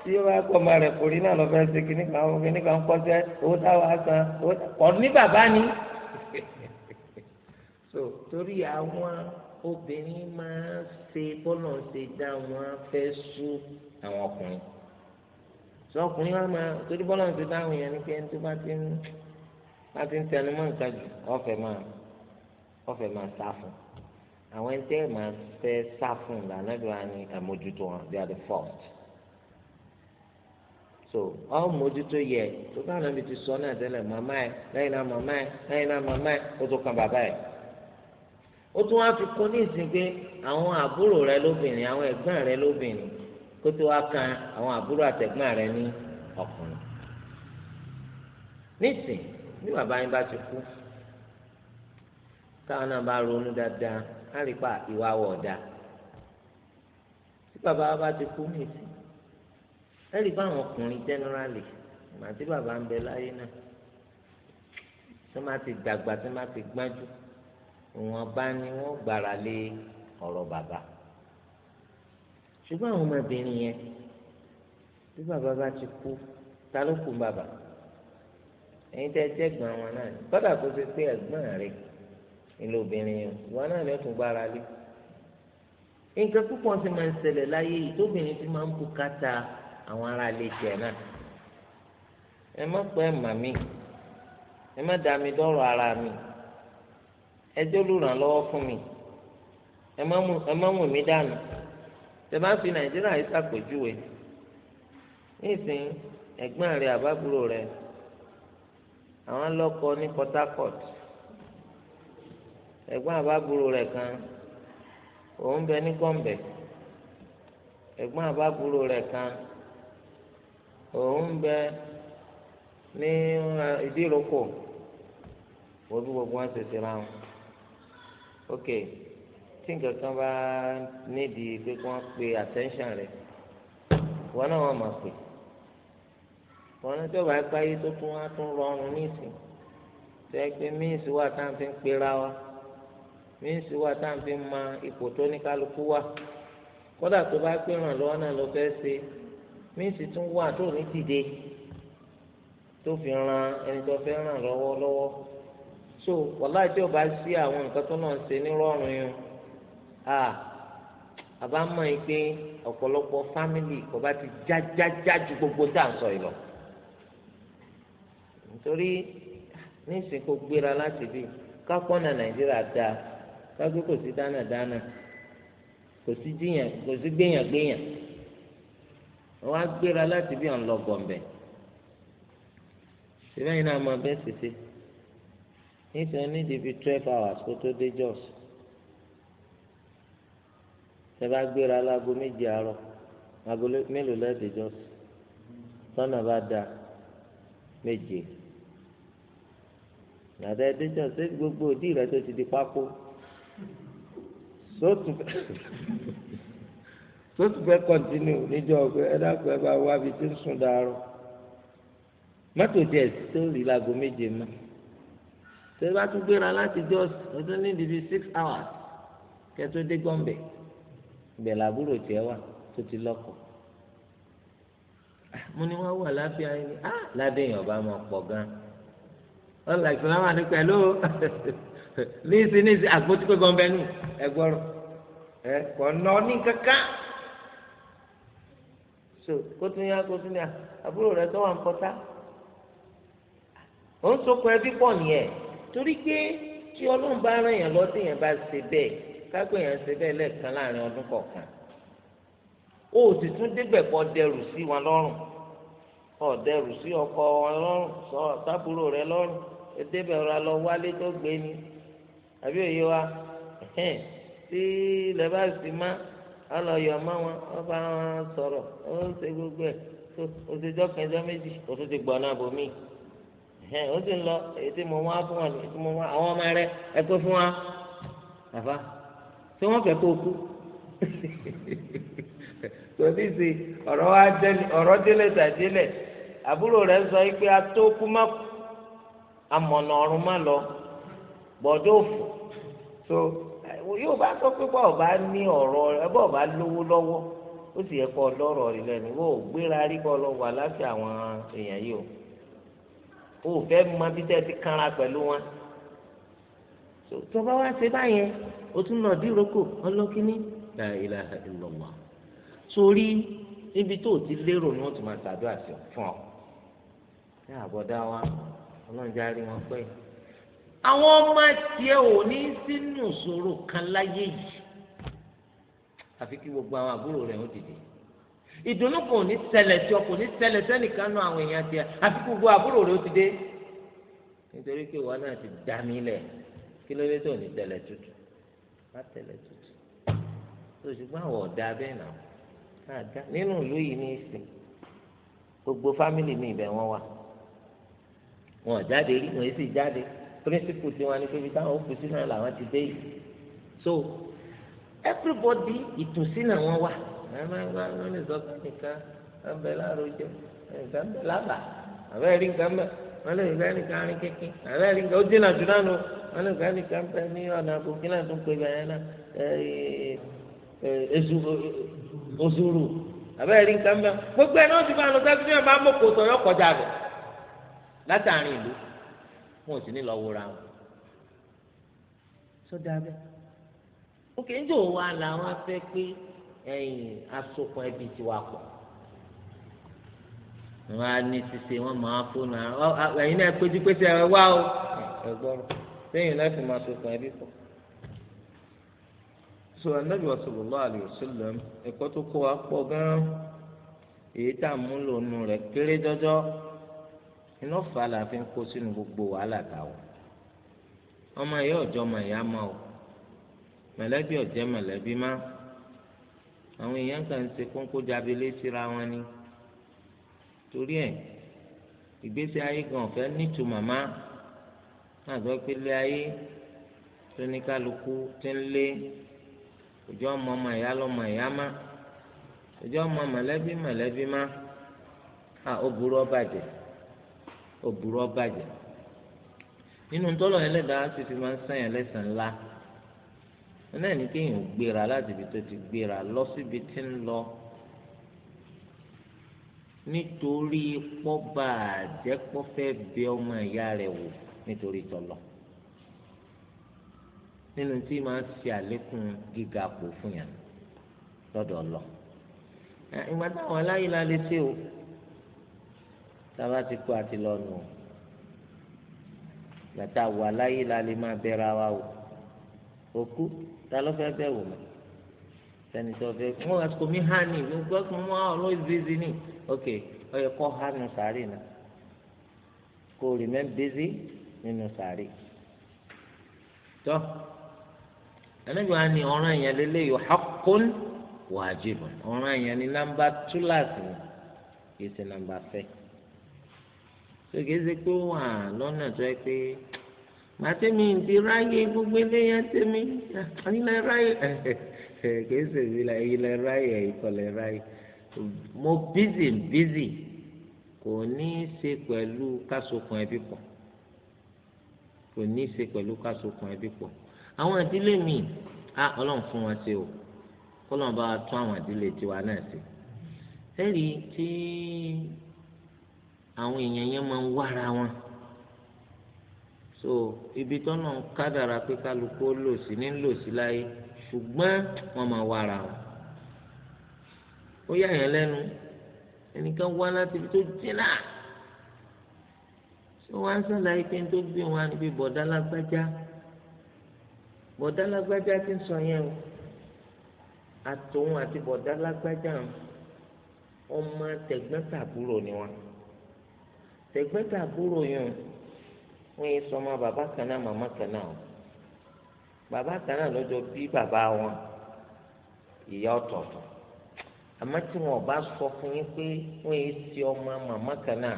tí ó bá kọ́ ọmọ rẹ̀ kò rí náà lọ́ fẹ́ ṣe kíní kan ó kíní kan kọ́ sẹ́ owó táwọn á san owó kọ́ ní bàbá ni. so torí àwọn obìnrin máa ń ṣe bọ́lọ̀ ṣe dá wọn fẹ́ sú àwọn ọkùnrin sọ wa máa torí bọ́lọ̀ ṣe dá wọn yẹn ni pé ẹni tó bá ti ń tẹnu mọ́ nǹkan jù ọ̀fẹ́ máa ọfẹ máa sá fún àwọn ẹni tẹ́ ẹ máa fẹ́ sá fún lànà bí wọ́n á ní àmójútó wọn they are the first so ọ mójútó yẹ tó ká nàbí ti sọ náà tẹ́lẹ̀ màmá ẹ lẹ́yìn náà màmá ẹ lẹ́yìn náà màmá ẹ ó tó kan bàbá ẹ ó tún wá fi kún ní ìsìn pé àwọn àbúrò rẹ lóbìnrin àwọn ẹ̀gbọ́n rẹ lóbìnrin kó tó wá kan àwọn àbúrò àtẹ̀gbọ́n rẹ ní ọkùnrin nísìn ní bàbá yín bá ti kú táwọn náà bá ronú dáadáa á rí pa ìwà wọ̀ ọ̀dà tí bàbá wa bá ti kú ní ìsìn ẹ rí bá àwọn ọkùnrin jẹ́nẹ́rálì màtí bàbá ń bẹ láyé náà tí wọ́n bá ti dàgbà tí wọ́n bá ti gbájú wọn bá ní wọ́n gbára lé ọ̀rọ̀ bàbá ṣùgbọ́n àwọn ọmọbìnrin yẹn tí bàbá bá ti kú ta ló kú bàbá ẹ̀yin tẹ́ jẹ́ gbọ́n wọn náà kọ́dà kó ṣe pé ẹ̀gbọ́n rẹ̀ kú ilé obìnrin yẹn ìwà náà lè tún gbára lé nǹkan púpọ̀ ti máa ń ṣẹlẹ̀ láyé yìí tóbìnrin ti máa ń bùkátà àwọn ará ilé tiẹ̀ náà ẹ má pẹ́ màmí ẹ má dá mi dọ́rọ̀ ara mi ẹ jẹ́ olùrànlọ́wọ́ fún mi ẹ má mú mi dànù tẹ bá fi nàìjíríà yìí ṣàpèjúwe nísìnyí ẹ̀gbọ́n rẹ̀ àbábúrò rẹ̀ àwọn lọ́kọ ní Port Harcourt ẹ̀gbọ́n àbábúrò rẹ̀ kan òun bẹ ní gọ́ǹbẹ̀ ẹ̀gbọ́n àbábúrò rẹ̀ kan òun bẹ ní ìdíròkò wọ́n gbogbo wọn ṣe ṣe wọn ok tí nǹkan kan bá nídìí pé kí wọ́n pe attention rẹ̀ wọn náà wọ́n máa pè wọn náà tí ó bá gbáyé tó tún wá tún rọrùn nísìnyí tẹ́ pé míìsì wà tá à ń fi ń pera wa míísì wa tá à ń fi ma ipò tó ní kálukú wa kódà tó bá pé ìrànlọ́wọ́ náà ló fẹ́ ṣe míísì tún wà tó ní dìde tó fi ran ẹni tó fẹ́ ràn lọ́wọ́ lọ́wọ́ so wàláì tí o bá sí àwọn nǹkan tó náà ń ṣe nírọ̀rùn yẹn a àbá mọ̀ yín pé ọ̀pọ̀lọpọ̀ fámìlì kò bá ti jájájá ju gbogbo tá à ń sọ yìí lọ nítorí níìsín kò gbéra láti bí kápọ́nà nàìjíríà dáa kágbé kò sí dánadáná kò sí jíyàn kò sí gbéyàngbéyàn wọn á gbéra láti bí ọ̀n lọ gbọ̀ǹbẹ̀ síbẹ̀yìn náà máa bẹ́ẹ̀ tètè nítorí nídìí bíi twelve hours kó tó dé Jos tẹ bá gbéra láago méje àárọ̀ aago mélòó lẹ́ẹ̀dẹ̀ Jos tọ́nà bá da méje yàtọ̀ ẹ̀dẹ́jọ́ sí gbogbo òdì rẹ tó ti di pákó sótù fẹ́ kọ́ntínú níjọ́ ọ̀gbẹ́ ẹ dákun ẹ bá wá bí tí ń sùn dàrú mọ́tò díẹ̀ tó rí láago méje mọ́ tẹ bá tún gbéra láti jọ́s ọdún nídìí bíi six hours kẹtó dé gọ́ǹbẹ̀ ibẹ̀ làbúrò tiẹ̀ wà tó ti lọ́kọ̀ ah, mo ní wọ́n wà láfíà yìí ah, ládé yìí ọba máa pọ̀ gan-an ọ̀là ìsìlámù àdìpẹ̀lú níìsí níìsí àgbótí pé gbọ́n bẹ́ẹ̀ nù ẹgbọ́rọ̀ ẹ kọ́ nọ ní kankan so kó tún yá kó tún yá àbúrò rẹ tó wà ń pọ́tá ó ń sokò ẹbí pọ̀ nìyẹn torí pé tí ọlọ́run bá rán yẹn lọ tí yẹn bá ṣe bẹ́ẹ̀ kágbé yẹn ṣe bẹ́ẹ̀ lẹ́ẹ̀kan láàrin ọdún kọ̀ọ̀kan ó sì tún débẹ̀ kọ́ dẹrù sí wọn lọ́rùn ọ̀dẹrù sí ọkọ wọn lọ́rùn sọ tábúrò rẹ lọ́rùn ẹdẹ́bẹ̀ ọ̀rọ̀ alọ wálé tó gbé ni àbí òye wa tí ilẹ̀ bá sì má ọlọ́yọ̀ má wọn ọba wọn sọ̀rọ̀ ó ṣe gbogbo ẹ̀ tó oṣooṣọ́ kẹjọ méjì o tún ti gbọ́ náà bòmí ó sì ń lọ ètí mo wá fún wọn ètí mo wá àwọn ọmọ rẹ ẹ pé fún wa àfa tí wọ́n fẹ́ kó o kú tòní sí ọ̀rọ̀ wa délé ọ̀rọ̀ délé tàdélé àbúrò rẹ̀ sọ pé a tó kú má amọ̀nà ọ̀run má lọ bọ̀dọ̀fù so yóò bá sọ pé bọ́ọ̀ bá ní ọ̀rọ̀ rẹ bọ́ọ̀ bá lówó lọ́wọ́ ó sì yẹ kó ọlọ́rọ̀ rẹ lẹ́nu wọ́n ò gbéra rí kọ́ lọ wà láti àwọn èèyàn yìí o ò fẹ́ mọ bí tẹ́ ti kanra pẹ̀lú wọn tó bá wá ṣe báyẹn o tún nà díroko ọlọ́kíní la ilaha illallah sórí níbi tó o ti lérò ni wọ́n tún máa ṣàdúrà sí fún ọ ní àbọ̀dá wa ọlọ́run járe wọn pẹ́yì àwọn ọmọ tiẹ̀ ò ní sínú ìṣòro kan láyé yìí àfi kí gbogbo àwọn àbúrò rẹ̀ ó dìde ìdùnnú kò ní ṣẹlẹ̀ tí ọ kò ní ṣẹlẹ̀ sẹ́nìkan náà àwọn èèyàn tiẹ̀ àfi kí gbogbo àbúrò rẹ̀ ó dìde nítorí pé ìwà náà ti dá mi lẹ̀ kí ló dé tó ní tẹ̀lẹ̀ tutù má tẹ̀lẹ̀ tutù ṣùgbọ́n àwọn ọ̀dà bẹ́ẹ̀ náà káàdá nínú ìlú yìí ní ìsìn gbogbo fámìlì mi ibẹ̀ wọ́n wà wọn jáde rí wọn èsì jáde píríncípù tí wọn ní pé ibi táwọn òkú sínú làwọn ti so everybody ìtúsí wọn wà ẹ máa ń sọ pé nìkan ń bẹ láàárọ̀ jẹ bẹ lábà rí nǹkan wọn lè nìkan rí kékin ozuru àbẹ rí gbogbo náà a wọn ò sì ní lọ wúra wọn sọdá bẹ òkè jò wá làwọn pé ẹ̀yìn asopọ̀ ẹbí ti wà pọ̀ wọn á ní ṣíṣe wọn máa fóònù àwọn ẹ̀yin náà péjú pété ẹ wá o ẹ máa sopọ̀ ẹbí pọ̀ sọ ẹ̀kọ́ tó kó wa èyí tá a mú rẹ̀ kéré jọjọ. iná fa la fi ń kó sínú gbogbo wàhálà táwọn ọmọ ìyá ọjọ́ ọmọ ìyá máa o mẹ̀lẹ́bí ọ̀jẹ́ mẹ̀lẹ́bí má àwọn èèyàn kan ń ṣe kónkó jábílé síra wọn ni torí ẹ̀ ìgbésí ayé gan ọ̀fẹ́ nítumọ̀ má àgbẹ̀ pélé ayé tó ní kálukú ti ń lé òjò ọmọ ọmọ ìyá lọmọ ìyá má òjò ọmọ mẹ̀lẹ́bí mẹ̀lẹ́bí má à ó burú ọ òbúrú ọbàjẹ́ nínú tọ́lọ̀ ẹlẹ́dàá ti fi máa ń sẹ́yìn lẹ́sàn ńlá náà ní kéèyàn gbéra láti ibi tó ti gbéra lọ síbi tí ń lọ nítorí pọ́ba àjẹpọ́ fẹ́ bẹ ọmọ ìyá rẹ̀ wò nítorí tọ́lọ̀ nínú tí máa ń ṣe àlékún gíga pò fún yàn lọ́dọ̀ ọlọ́ ìgbà táwọn aláyìí la lè ṣe o sábà ti kú àti lọ́nu gbàtà wà láyé la lè máa bẹ̀rẹ̀ wa o òkú ta ló fẹ́ bẹ̀ wò mí sẹ́ni tó fẹ́ mú àsìkò mi hàn ní mo gbọ́ pé mo àwọn olóòzìzì ní ok ó yẹ kó hàn nù sàárè náà kó o remain busy nínú sàárè tó ẹnìgbà wa ni ọ̀ràn yẹn lélẹ́yìí haqqun wajibun ọ̀ràn yẹn ni nàmbà túláàsì kì í nàmbà fẹ́ẹ́ gègéze pé ó wà lọ́nà tó yẹ pé màtẹ́mi ti ráyè gbogbo eléyà tẹ́mi ilẹ̀ ráyè gègéze ìlà ilẹ̀ ráyè ìkọlẹ̀ ráyè mo bízì bízì kò ní í ṣe pẹ̀lú kásokùn ẹbí pọ̀ kò ní í ṣe pẹ̀lú kásokùn ẹbí pọ̀ àwọn ìdílé mi á ọlọ́run fún wọn ṣe o kọ́lọ́n bá tún àwọn ìdílé tiwa náà ṣe ẹ̀rí tí àwọn èèyàn yẹn máa ń wára wọn so ibi tó náà ń kádàrà pé kálukú ó lò sí ní lò sí láyé ṣùgbọ́n wọ́n máa wára wọn ó yà yẹn lẹ́nu ẹnìkan wá láti ibi tó jìnnà tó wá ń sàlàyé pé tó gbé wọn níbi bọ̀dá lágbájá bọ̀dá lágbájá ti ń sọ yẹn o àtòun àti bọ̀dá lágbájá ọmọ tẹ̀gbọ́n tàbúrò ni wọn tẹ̀gbẹ́tàbúrò yẹn wọ́n yẹ sọmọ bàbá kan náà màmá kan o bàbá kan náà lọ́jọ́ bí bàbá wọn ìyá ọ̀tọ̀ọ̀tọ̀ àmọ́ tí wọn bá sọ fún yín pé wọ́n yẹ sí ọmọ màmá kan náà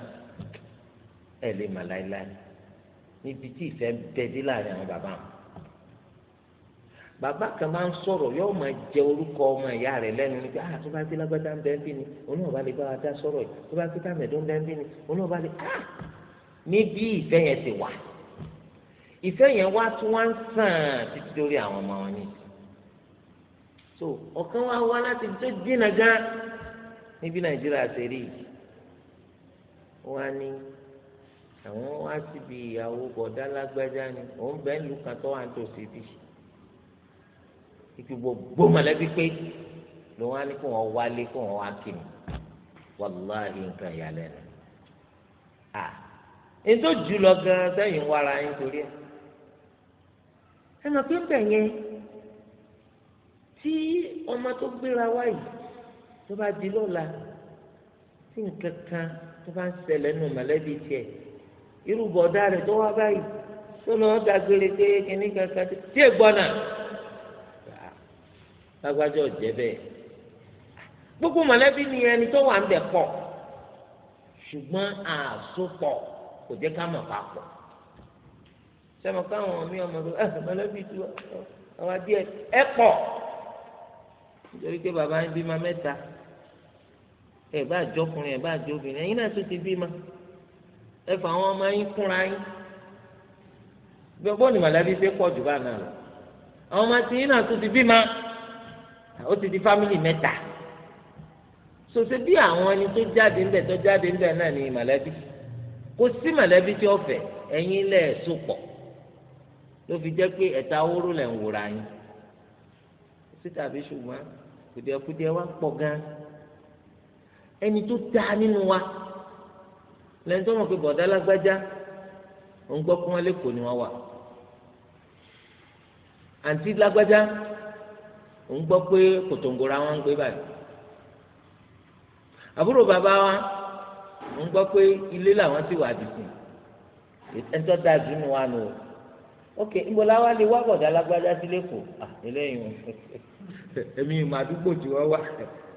ẹ̀ lè mà láéláé níbi tí ìfẹ́ bẹ́ẹ̀ dé láàrin àwọn bàbá wọn bàbá kan máa ń sọ̀rọ̀ yóò máa jẹ orúkọ ọmọ ìyá rẹ̀ lẹ́nu níbi ah tó bá gbé lágbádá ń bẹ́ẹ̀ bí ni òun náà bá lè bá wa dá sọ̀rọ̀ yìí tó bá gbé kámẹ́dó ń bẹ́ẹ̀ bí ni òun náà lè ah ní bí ìfẹ́ yẹn ti wà ìfẹ́ yẹn wá tún wá ń sàn títí dórí àwọn ọmọ wọn ni so ọ̀kan wá wá láti tó jìnnà gan níbi nàìjíríà ṣe rí yìí wọ́n á ní àwọn wá síbi ìyàwó bọ̀dá lágbájá ni òun bẹ́ẹ̀ ìpè gbogbo mọ̀lẹ́bí pé ló wá ní kó wọn wálé kó wọn wá kí mi wàláhì nǹkan ìyàlẹ́nu à ètò jùlọ gan sẹ́yìn wára yín torí ẹ̀ ẹ mọ̀ pé bẹ̀ yẹn tí ọmọ tó gbéra wá yìí tó bá di lọ́la tí nǹkan kan tó bá ń ṣẹlẹ̀ nù mọ̀lẹ́bí tiẹ̀ irú bọ̀dá rẹ̀ tó wá báyìí tó lọ́ọ́ dàgbére pé kíní kankan tí ègbọ́n náà lágbájá ọ̀jẹ́ bẹ́ẹ̀ gbogbo mọ̀lẹ́bí ni ẹni tó wà ń bẹ̀ pọ̀ ṣùgbọ́n àsopọ̀ kò jẹ́ ká mọ̀ papọ̀ sẹ́mi káwọn mi ọmọ rẹ ẹ mọ̀lẹ́bí tu àwọn adìẹ ẹ pọ̀ nítorí pé bàbá yín bímọ mẹ́ta ẹ bá àjọkùnrin ẹ bá àjọbìnrin ẹ̀yin náà tún ti bímọ ẹ fà àwọn ọmọ yín kúnra yín gbogbo ni mọ̀lẹ́bí ṣe pọ̀ jù bá náà lọ àwọn ọmọ tí yín náà tún ti bímọ ó ti di fámìlì mẹ́ta sòsè bí àwọn ẹni tó jáde ńbẹ tó jáde ńbẹ náà ni mọ̀lẹ́bí kò sí mọ̀lẹ́bí tí ó fẹ́ ẹ̀yin lẹ so pọ̀ ló fi jẹ́ pé ẹ̀ta wóró lẹ ń wòrà yín síta bí ṣùgbọ́n kùdìẹ̀kùdìẹ̀ wa pọ̀ gan ẹni tó dáa nínú wa lẹ́yìn tó mọ̀ pé bọ̀dá lágbájá òun gbọ́ kí wọ́n lè kó ni wọ́n wà àǹtí lágbájá ń gbọ́ pé kòtòǹgòrò àwọn ń gbé báyìí àbúrò bàbá wa ń gbọ́ pé ilé làwọn ti wà dìsìn ẹjọ́ dáa jù nù wa nù o ok ńgbọ́ la wá lè wá bọ̀dá lágbájá sí lẹ́kọ̀ọ́ à eléyìí èmi ìmọ̀ àdúgbò tí wọ́n wá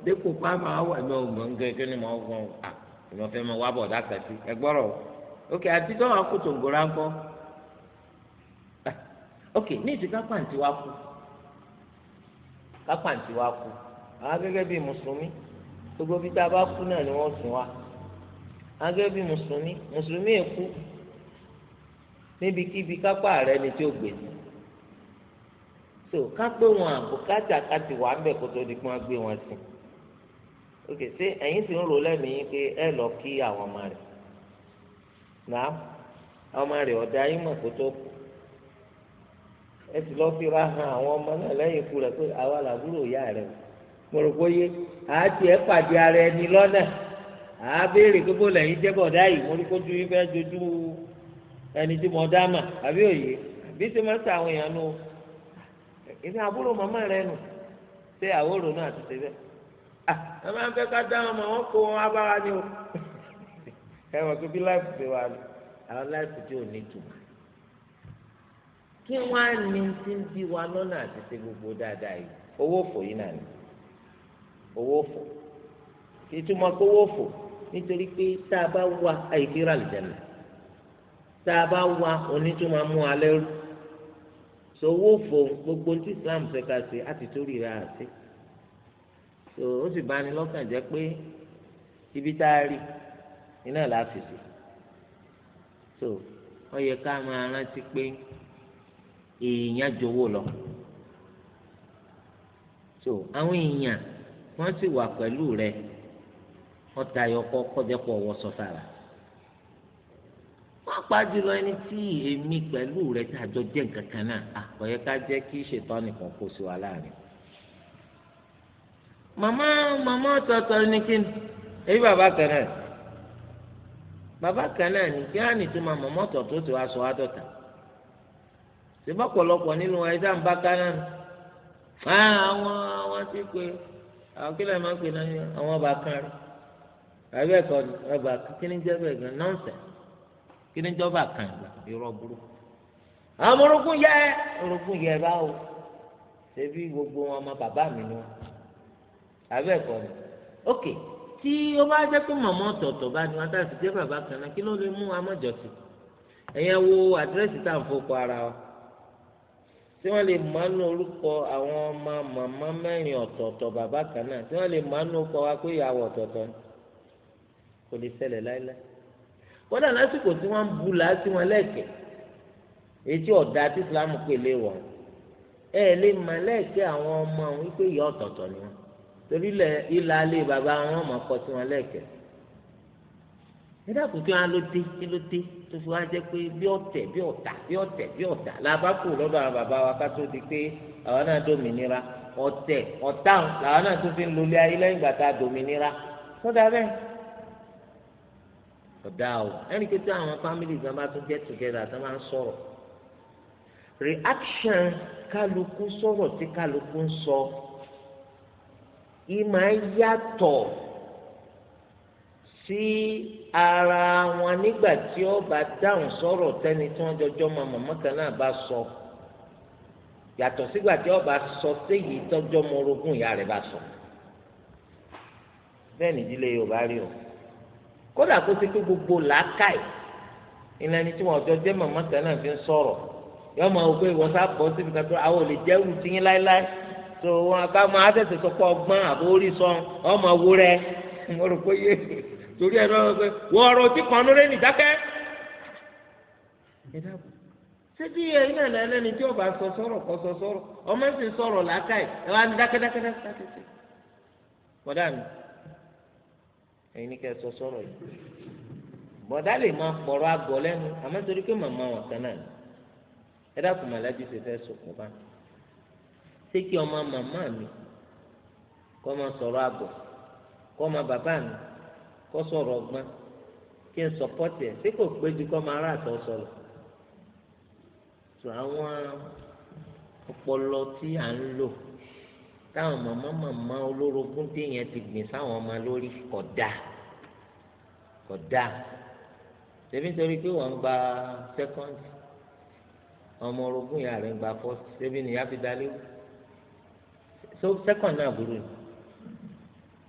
lẹ́kọ̀ọ́ pàmò àwọn ẹ̀mọ́ ọ̀gbọ́n gẹ́gẹ́ ni mo gbọ́n à èmi ọ̀fẹ́ mi wá bọ̀dá kàtí ẹ gbọ́rọ̀ ok àti tó wàá kó tòǹgòrò á ń kọ́ ok ní ìtìkápá ní ti wá kú kápáǹtì wa kú àwọn gẹ́gẹ́ bíi mùsùlùmí gbogbo bíi tá a bá kú náà ni wọ́n sùn wa àwọn gẹ́gẹ́ bíi mùsùlùmí mùsùlùmí èkú níbikíbi kápá rẹ ni tí ó gbè sí so kápẹ́ wọn àbùkátà káti wà ń bẹ̀ kó tó di pé wọ́n gbé wọn sìn ok ṣé ẹ̀yin sì ń rò lẹ́mìí pé ẹ lọ kí àwọn ọmọ rẹ̀ náà ọmọ rẹ̀ ọ̀dà yín mọ̀ kó kú ẹ sì lọ́ọ́ fi ra han àwọn ọmọ náà lẹ́yìn ikú rẹ̀ pé àwa làbúrò ìyá rẹ̀ o mo rò pé yé àti ẹ pàdé ara ẹni lọ́nà àá béèrè pé bó lẹ́yìn jẹ́ bọ̀dá yìí mo rí kójú yín fẹ́ jojú ẹni tí mo dá mà àbí òye àbí ṣe máa ń ta àwọn èèyàn nù ìní àbúrò màmá rẹ nù ṣé àwòrò náà ti ṣe bẹ́ẹ̀ ẹ máa ń fẹ́ ká dá wọn mọ̀ wọ́n kó wọn abára ni o ẹ wọ́n tó bí láìpù ṣe wà ní àwọn láìpù tí ò ní tù mọ́ kí wọ́n á ní ti ń di wa lọ́nà àti ṣe gbogbo dáadáa yìí owó fò yìí náà ni owó fò ìtumọ̀ pé owó fò nítorí pé tá a bá wa àìkíra àlùjánnà tá a bá wa onítúmọ̀ mú alẹ́ rú so owó fò gbogbo tí Islam ṣe ká ṣe á ti torí rẹ̀ àti so ó sì bá ní lọ́kàn jẹ́ pé ibi tá a rí iná làá fi sí so ó yẹ ká máa rántí pé. èèyàn jowó lọ so àwọn èèyàn wọn sì wà pẹ̀lú rẹ wọn tayọ kọ kọjọpọ ọwọ sọsára wọn pàjùlọ ẹni tí èmi pẹ̀lú rẹ tí àjọ jẹ nǹkan kan náà àkọyẹ ká jẹ kí ṣètọ́ nìkan kó sí wa láàrin màmá màmá tọ̀tọ̀ ni kí ni èyí bàbá kan náà bàbá kan náà ni kí á nìtúmọ̀ màmá tọ̀tọ̀ tó wá sọ wá dọ̀tà. ṣùgbọ́n ọ̀pọ̀lọpọ̀ nínú ẹ̀dá ń bá kánà àwọn àwọn ti pé àwọn kílẹ̀ máa ń pè náà àwọn ọba kan rẹ̀ àbí ẹ̀kọ́ ọba kíní jẹ́ bẹ́ẹ̀ gan nọ́ọ̀sẹ̀ kíní jọba kan irọ́ burúkú. àwọn orogún yẹ orogún yẹ báwo ṣebí gbogbo wọn ọmọ bàbá mi ni wọn àbí ẹ̀kọ́ ni ok tí ó bá jẹ́ pé màmá ọ̀tọ̀ọ̀tọ̀ bá ní wọn àtàtì jẹ́ bàbá kan náà kí ló lè mú amọ̀jọ̀sìn ẹ̀yẹn wo àdírẹ́sì tá à ń fọkọ ara wa tí wọ́n lè mánú orúkọ àwọn ọmọ màmá mẹ́rin ọ̀tọ̀ọ̀tọ̀ bàbá kan náà tí wọ́n lè mánú orúkọ wa pé ìyàwó ọ̀tọ̀ọ̀tọ̀ ni kò lè ṣẹlẹ̀ láéláé kódà lásìkò tí wọ́n ń bu làásì wọn lẹ́ẹ̀kẹ́ etí ọ̀dà tí Islam pèlè wọn ẹ lè má lẹ́ẹ̀kẹ́ àwọn ọmọ wọn wípé ìyá ọ̀tọ̀ọ̀tọ̀ ni wọn torí ilà alẹ́ bàbá wọn mọ̀ ọkọ tí wọn lẹ́ẹ̀kẹ́ nígbà tó kí wọn ló dé kí ló dé tó fi wá jẹ pé bí ọ̀tẹ̀ bí ọ̀tá bí ọ̀tẹ̀ bí ọ̀tá la bá kù lọ́dọ̀ àwọn bàbá wa ká tó di pé àwọn náà dòmìnira ọ̀tẹ̀ ọ̀tá làwọn náà tó fi ń lólé ayé lẹ́yìn ìgbà tá a dòmìnira sọdọ bẹ́ẹ̀ ọdá o ẹnì pé tí àwọn family gan bá tún get together tó máa ń sọ̀rọ̀ reaction kálukú sọ̀rọ̀ tí kálukú ń sọ ìmọ̀ yàtọ̀ sí ara wọn nígbà tí ó bá dáhùn sọ̀rọ̀ tẹ́ni tí wọ́n jọjọ́ mọ màmá kan náà bá sọ yàtọ̀ sígbà tí ó bá sọ séyìí tọ́jọ́ mọ orogún ìyá rẹ̀ bá sọ bẹ́ẹ̀ nìdílé Yorùbá rí o kódà kó ti pé gbogbo làákàyè ìlànà tí wọn ọjọ́ jẹ́ màmá kan náà fi ń sọ̀rọ̀ yọọ máa wọgbé ìwọ sá bọ síbi kan tó àwọn olè jẹ wù tiyín láéláé tó wọn ká máa tẹsẹ̀ sọpọ ọgbọ́n àbórí sọ ọmọ wo rẹ mo rò pé yé torí ẹ̀rọ ọ̀gbẹ́ wọ ọ̀rọ̀ tí kan lórí ẹni dákẹ́. ṣébí ẹ̀yin náà lẹ́ni tí ọba sọ sọ̀rọ̀ kọ́ sọ sọ̀rọ̀ ọmọ sì ń sọ̀rọ̀ ẹ wá ní dákẹ́dákẹ́ dákẹ́ bọ́dà màlájú ṣe bá ṣé kí ọmọ màmá mi kọ́ kó sọ̀rọ̀ ọgbọ́n kí n sọpọ́tì ẹ̀ ṣé kò péjú kọ́ máa rà àtọ̀ sọ̀rọ̀ tó àwọn ọpọlọ tí à ń lò táwọn màmá màmá olórogún téèyàn ti gbìn sáwọn ọmọ lórí kódà kódà ṣebí nítorí pé wọ́n ń gba second ọmọ orogún ìyá rẹ̀ ń gba first ṣebí nìyá fi dalé so náà burú ni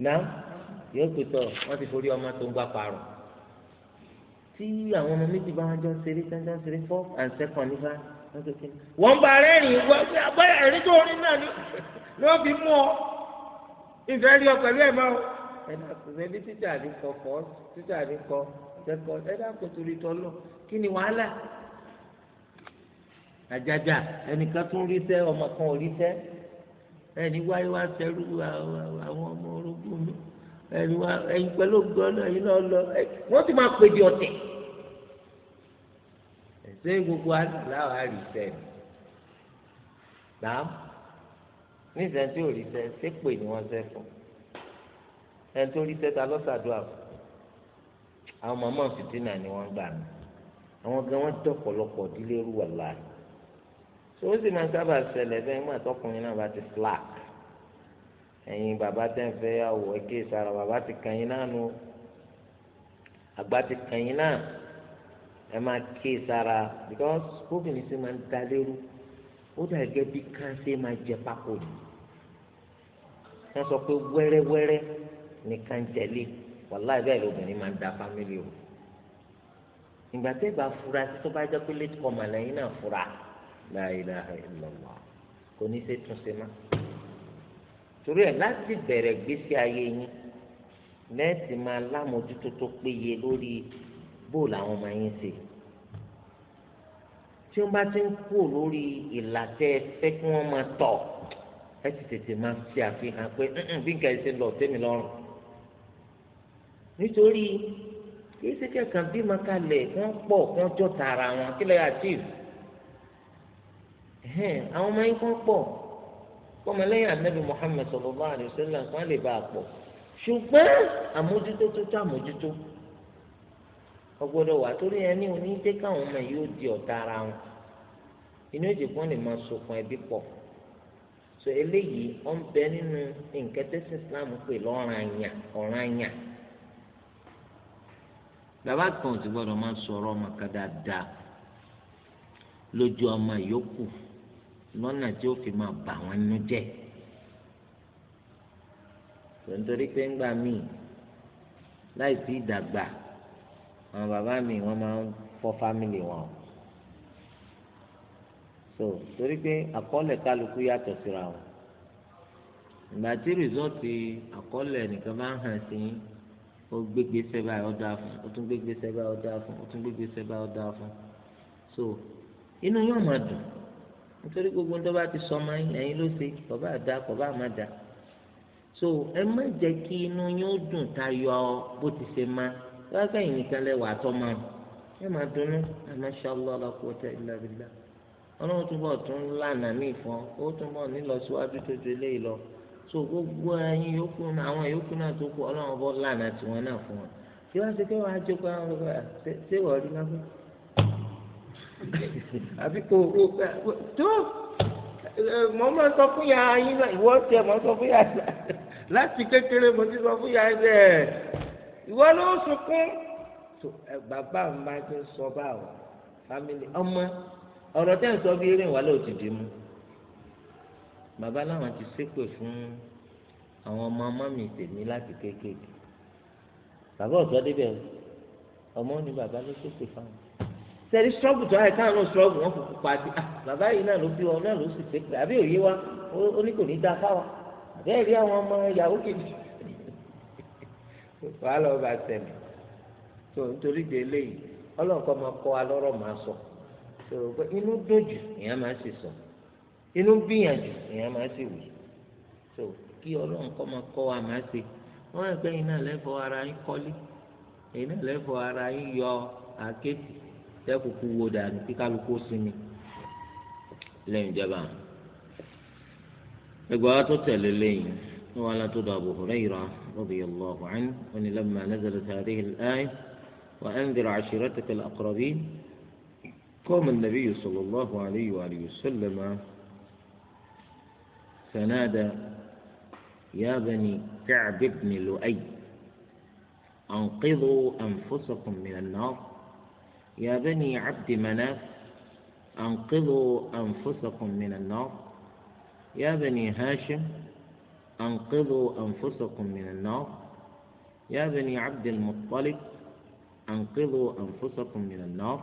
náà yóò pè tọ wọn ti forí ọmọ tó ń gbà parọ tí àwọn ọmọ méjì bá wọn jọ ṣeré jọjọ ṣeré fọ àǹsẹkàn nígbà wọn kékeré wọn bá rẹ́rìn wọn ẹrí tó orin náà ni wọn fi mú ọ ìfẹ́ rí ọ pẹ̀lú ẹ̀ máa ẹ náà kò sẹ́ bí títà ní kọ fọ́ títà ní kọ sẹ́kọ ẹ náà kò torí tọ́ lọ kí ni wàhálà àjàjà ẹnìkan tún rí sẹ́ ọmọ kan ò rí sẹ́ ẹnì wáyé wá sẹ́rú àwọn ọmọ orogún mi ẹ̀yin wa ẹ̀yin pẹ̀lú gbọ́dọ̀ ẹ̀yin náà lọ wọ́n ti máa pè di ọ̀tẹ̀ ẹ̀sẹ̀ gbogbo aláwọ̀ àrìsẹ̀ nàám níṣẹ́ tí ò rí sẹ́ ṣé pè ní wọ́n sẹ́ fún ẹni tó rí sẹ́ ta lọ́sàdúrà fún àwọn màmá fìtínà ni wọ́n gbà mí àwọn gan wọ́n tẹ ọ̀pọ̀lọpọ̀ ìdílé rú wà láàyè tó sì máa ń sábà ṣẹlẹ̀ bẹ́ẹ̀ nígbà tọkùnrin náà bá ti flak ẹ̀yin bàbá tẹ́ ń fẹ́ yàwó ẹ kí sara bàbá ti kàn yín náà nu àgbà ti kàn yín náà ẹ máa kí sara because bóbìnrin sì máa ń da lérú ó dà gẹ́gẹ́ bí káńsẹ́ máa jẹ pákó ni wọ́n sọ pé wẹ́rẹ́wẹ́rẹ́ nìkan jẹ̀lé wàláì bẹ́ẹ̀ lóbìnrin máa ń da fámílì o ìgbà tẹ́ bá fura sí tó bá jẹ́ pé late comer lẹ́yìn náà fura la ilaha illallah kò ní í ṣe túnṣe má torí ẹ̀ láti bẹ̀rẹ̀ gbésí ayé yín lẹ́ẹ̀sì máa lámòjútó tó péye lórí bóòlù àwọn ọmọ yín ṣe tí wọ́n bá ti ń kú lórí ìlàtẹ ẹfẹ kí wọ́n máa tọ̀ ẹ ti tètè máa ṣe àfihàn pé bí nǹkan ẹ ṣe lọ tẹ́mi lọ́rùn nítorí kì í ṣe kẹ̀kẹ́ bí máa kalẹ̀ wọ́n pọ̀ wọ́n jọ tààrà wọn kí lè achieve àwọn ọmọ yín kan pọ̀ kọ́mọlẹ́yìn anabi muhammed sallallahu alaihi wasallam kan lè bá a pọ̀ ṣùgbọ́n àmójútó tó tó àmójútó ọgbọ́dọ̀ wà torí ẹni òní jẹ́ káwọn ọmọ yìí ó di ọ̀tá ara wọn inú ìdìbò lè máa sokùn ẹbí pọ̀ so eléyìí ó ń bẹ nínú nǹkan tẹ́sí islam pè lọ́ranyàn ọ̀ranyàn bàbá kan ò ti gbọ́dọ̀ máa sọ̀rọ̀ ọmọ kan dáadáa lójú ọmọ yòókù lọ́nà tí ó fi máa bà wọ́n nínú jẹ́ tòǹtòrí pé ńgbà míì láì sí ìdàgbà àwọn bàbá mi wọ́n máa ń fọ́ fámìlì wọn so torí pé àkọọ́lẹ̀ kálukú yàtọ̀ síra wọn ìgbà tí rìsọ́ọ̀tì àkọọ́lẹ̀ nìkan bá ń hàn sí ó gbégbé sẹ́bà ọ̀dà fún ó tún gbégbé sẹ́bà ọ̀dà fún ó tún gbégbé ọ̀dà fún so inú yóò máa dùn. nítorí gbogbo ń dọ́ba ti sọmọ ẹ̀yin ló ṣe bàbá àdá so ẹ má jẹ́ kí inú yín ó dùn tayọ bó ti ṣe máa lọ́sẹ̀ yìí nìkan lẹ wà tọ́ ẹ máa dunnú àmàṣàlọ́ ọlọ́kùnrin ìlàbílà ọlọ́run túbọ̀ tún lànà míì fún ọ ó túbọ̀ nílọsíwájú tó lọ so gbogbo ẹyin yòókù náà àwọn yòókù náà tó kù ọlọ́run tiwọn náà fún kí wọ́n kí wọ́n á jókòó àbí kò tó mọ mọ sọ fún ya yín náà ìwọ tiẹ̀ mọ sọ fún ya láti kékeré mo ti sọ fún ya yín bẹ́ẹ̀ ìwọ ló sunkún bàbá mi máa ti sọ báwo fámìlì ọmọ ọ̀rọ̀ tẹ́ ń sọ bí eré ìwà lóò ti dì mú bàbá làwọn ti ṣépè fún àwọn ọmọ ọmọ mi tèmi láti kékeré bàbá ọ̀sọ́ débẹ̀ ọmọ ni bàbá ló ṣépè fáwọn. sẹ́ni strọ́gù tó ayẹ káàánú strọ́gù wọn kò pàdé ah, bàbá yìí náà ló fi wọn náà ló sì pé pé àbí òye wa ó ní kò ní dá fáwa àbí ẹ̀rí àwọn ọmọ yahoo kejì wàá lọ bá tẹ̀lé tó nítorí de eléyìí ọlọ́nkọ́ máa kọ́ wa lọ́rọ̀ máa sọ tó pé inú dùn ma máa sọ inú bíyànjú ìyẹn máa sì wù tó kí ọlọ́nkọ́ máa kọ́ wa máa ṣe wọ́n ẹgbẹ́ yìí náà ara yín tẹ́kùkù wo dànù kí kálukú sinmi lẹ́yìn ìjọba ẹgbẹ́ wa tó tẹ̀lé lẹ́yìn ni wahala tó àná dọ̀ Abu Hurayra radiyallahu anhu wọn ni lamma nazalat hadhihi al e wa n anzir ashiratak al-aqrabin قام النبي صلى الله عليه وآله وسلم فنادى يا بني كعب بن لؤي أنقذوا أنفسكم من النار يا بني عبد مناف أنقذوا أنفسكم من النار يا بني هاشم أنقذوا أنفسكم من النار يا بني عبد المطلب أنقذوا أنفسكم من النار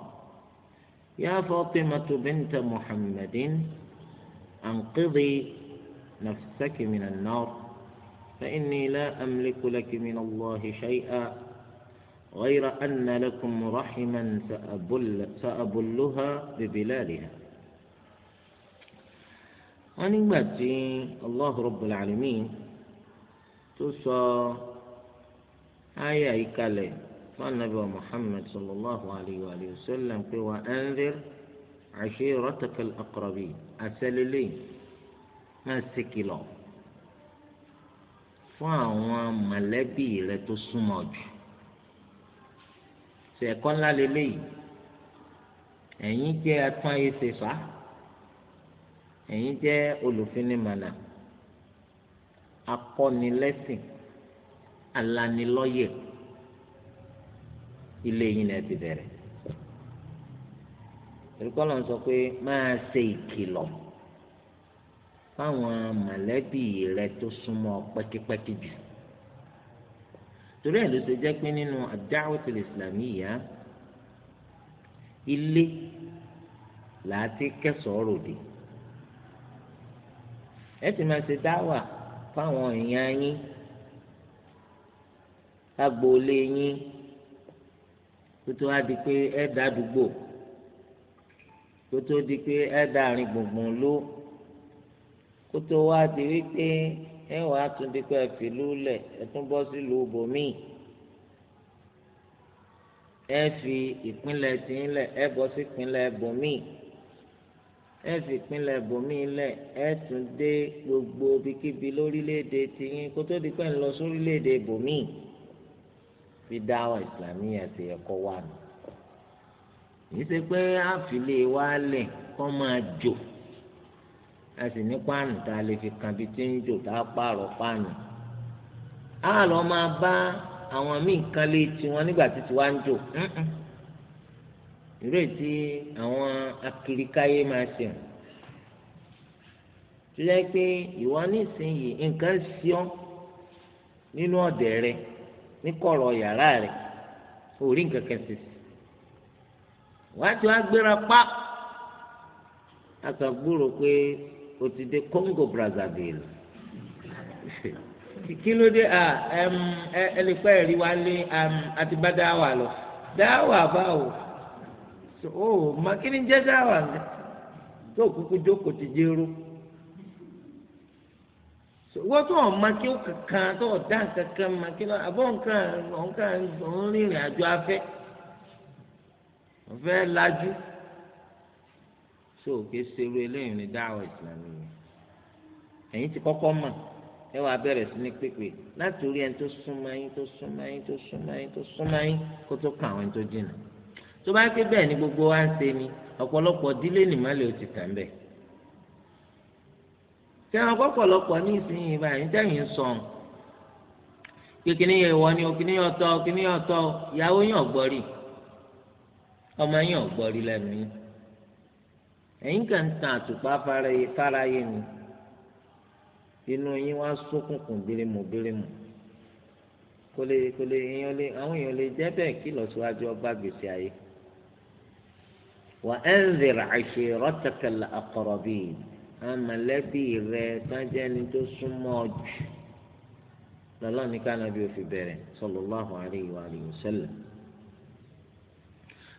يا فاطمة بنت محمد أنقذي نفسك من النار فإني لا أملك لك من الله شيئا غير أن لكم رحما سأبل سأبلها ببلالها ونبتي الله رب العالمين تسا آية كالي فالنبي محمد صلى الله عليه وآله وسلم وأنذر عشيرتك الأقربين أسللي ما سكلا فهو ملبي لتسمج ṣe ẹ̀kọ́ ńlá lélẹ́yìí ẹ̀yin jẹ́ atún ayé ṣe fà á ẹ̀yin jẹ́ olùfinimọ̀nà akọ́nilẹ́sìn alanilọ́yẹ̀ ilé yìí náà ti bẹ̀rẹ̀ erikọlọ sọ pé máa ṣe ìkìlọ̀ fáwọn mọ̀lẹ́bí rẹ tó súnmọ́ pẹ́kípẹ́kí jù torí ẹ̀ ló ṣe jẹ́ pé nínú ad-da'wat al-islamiyya ilé làá ti kẹsọ̀ọ́ ròde ẹ sì máa ṣe dáwà fáwọn èèyàn yín agboolé yín kótó á di pé ẹ dá àdúgbò kótó di pé ẹ dá àárín gbùngbùn ló kótó wá di wípé ẹ wà á tún dípẹ́ fìlú lẹ̀ ẹ tún bọ́ sílùú bòmíì ẹ fi ìpínlẹ̀ tìǹ lẹ̀ ẹ bọ́ sí ìpínlẹ̀ bòmíì ẹ fi ìpínlẹ̀ bòmíì lẹ̀ ẹ tún dé gbogbo ibikíbi lórílẹ̀‐èdè tìyín kó tó dípẹ́ ńlọ sórílẹ̀‐èdè bòmíì fi dáwà ìsìlámì àti ẹ̀kọ́ wà nù. yìí ṣe pé àfìlè wa lẹ̀ kọ́ máa jò a sì ní páànù tá a lè fi kan bí tí ń jò tá a pààrọ̀ páànù á lọ máa bá àwọn míì kan lé tiwọn nígbà tí tiwa ń jò ìró ètí àwọn akirikáyé máa ṣe hàn tó yẹ pé ìwọ nísìnyìí nǹkan ṣe ọ́ nínú ọ̀dẹ̀ rẹ ní kọ̀rọ̀ yàrá rẹ orí nǹkan kan sí wàá ti wá gbéra pa àtàgbúrò pé o ti dé Congo Brazzaville kí ló dé a lè pẹ́ ẹ̀rí wa lé àti bá dáwà lọ dáwà báwo ó mà kí ni jẹ́ dáwà ní tó kúkú jókòó ti jẹ́rú wọ́n tún ọ̀ ma kí ó kankan tó ọ̀ dá kankan ma kí lọ àbọ̀ nǹkan nǹkan ń rìnrìn àjò afẹ́ ọ̀fẹ́ lajú. so kì í ṣerú eléyìí ní dáhùn ìsìlámù yìí ẹ̀yin ti kọ́kọ́ mọ̀ ẹ wàá bẹ̀rẹ̀ sí ní pépè láti orí ẹni tó súnmọ́ yín tó súnmọ́ tó súnmọ́ yín tó súnmọ́ yín kó tó jìnnà tó bá ké bẹ́ẹ̀ ni gbogbo wa ń ṣe ni ọ̀pọ̀lọpọ̀ dílé ó ti tàn bẹ́ẹ̀ ní ìsinyìí ń ni ọtọ ìyàwó yàn ọgbọ́rì ọmọ yàn lẹ́nu ẹ̀yin kàn ń tan àtùpà fáráyé ni inú yín wá ṣókùnkùn bírímù bírímù kò lè kò lè èèyàn lè àwọn èèyàn jẹ́ bẹ́ẹ̀ kí lọ́síwájú ọba gbèsè ayé wà ẹ́ ń rèrè ashiratak al-aqrabin àwọn mọ̀lẹ́bí tó súnmọ́ jù lọ́lọ́ọ̀ni ká nàbí òfin bẹ̀rẹ̀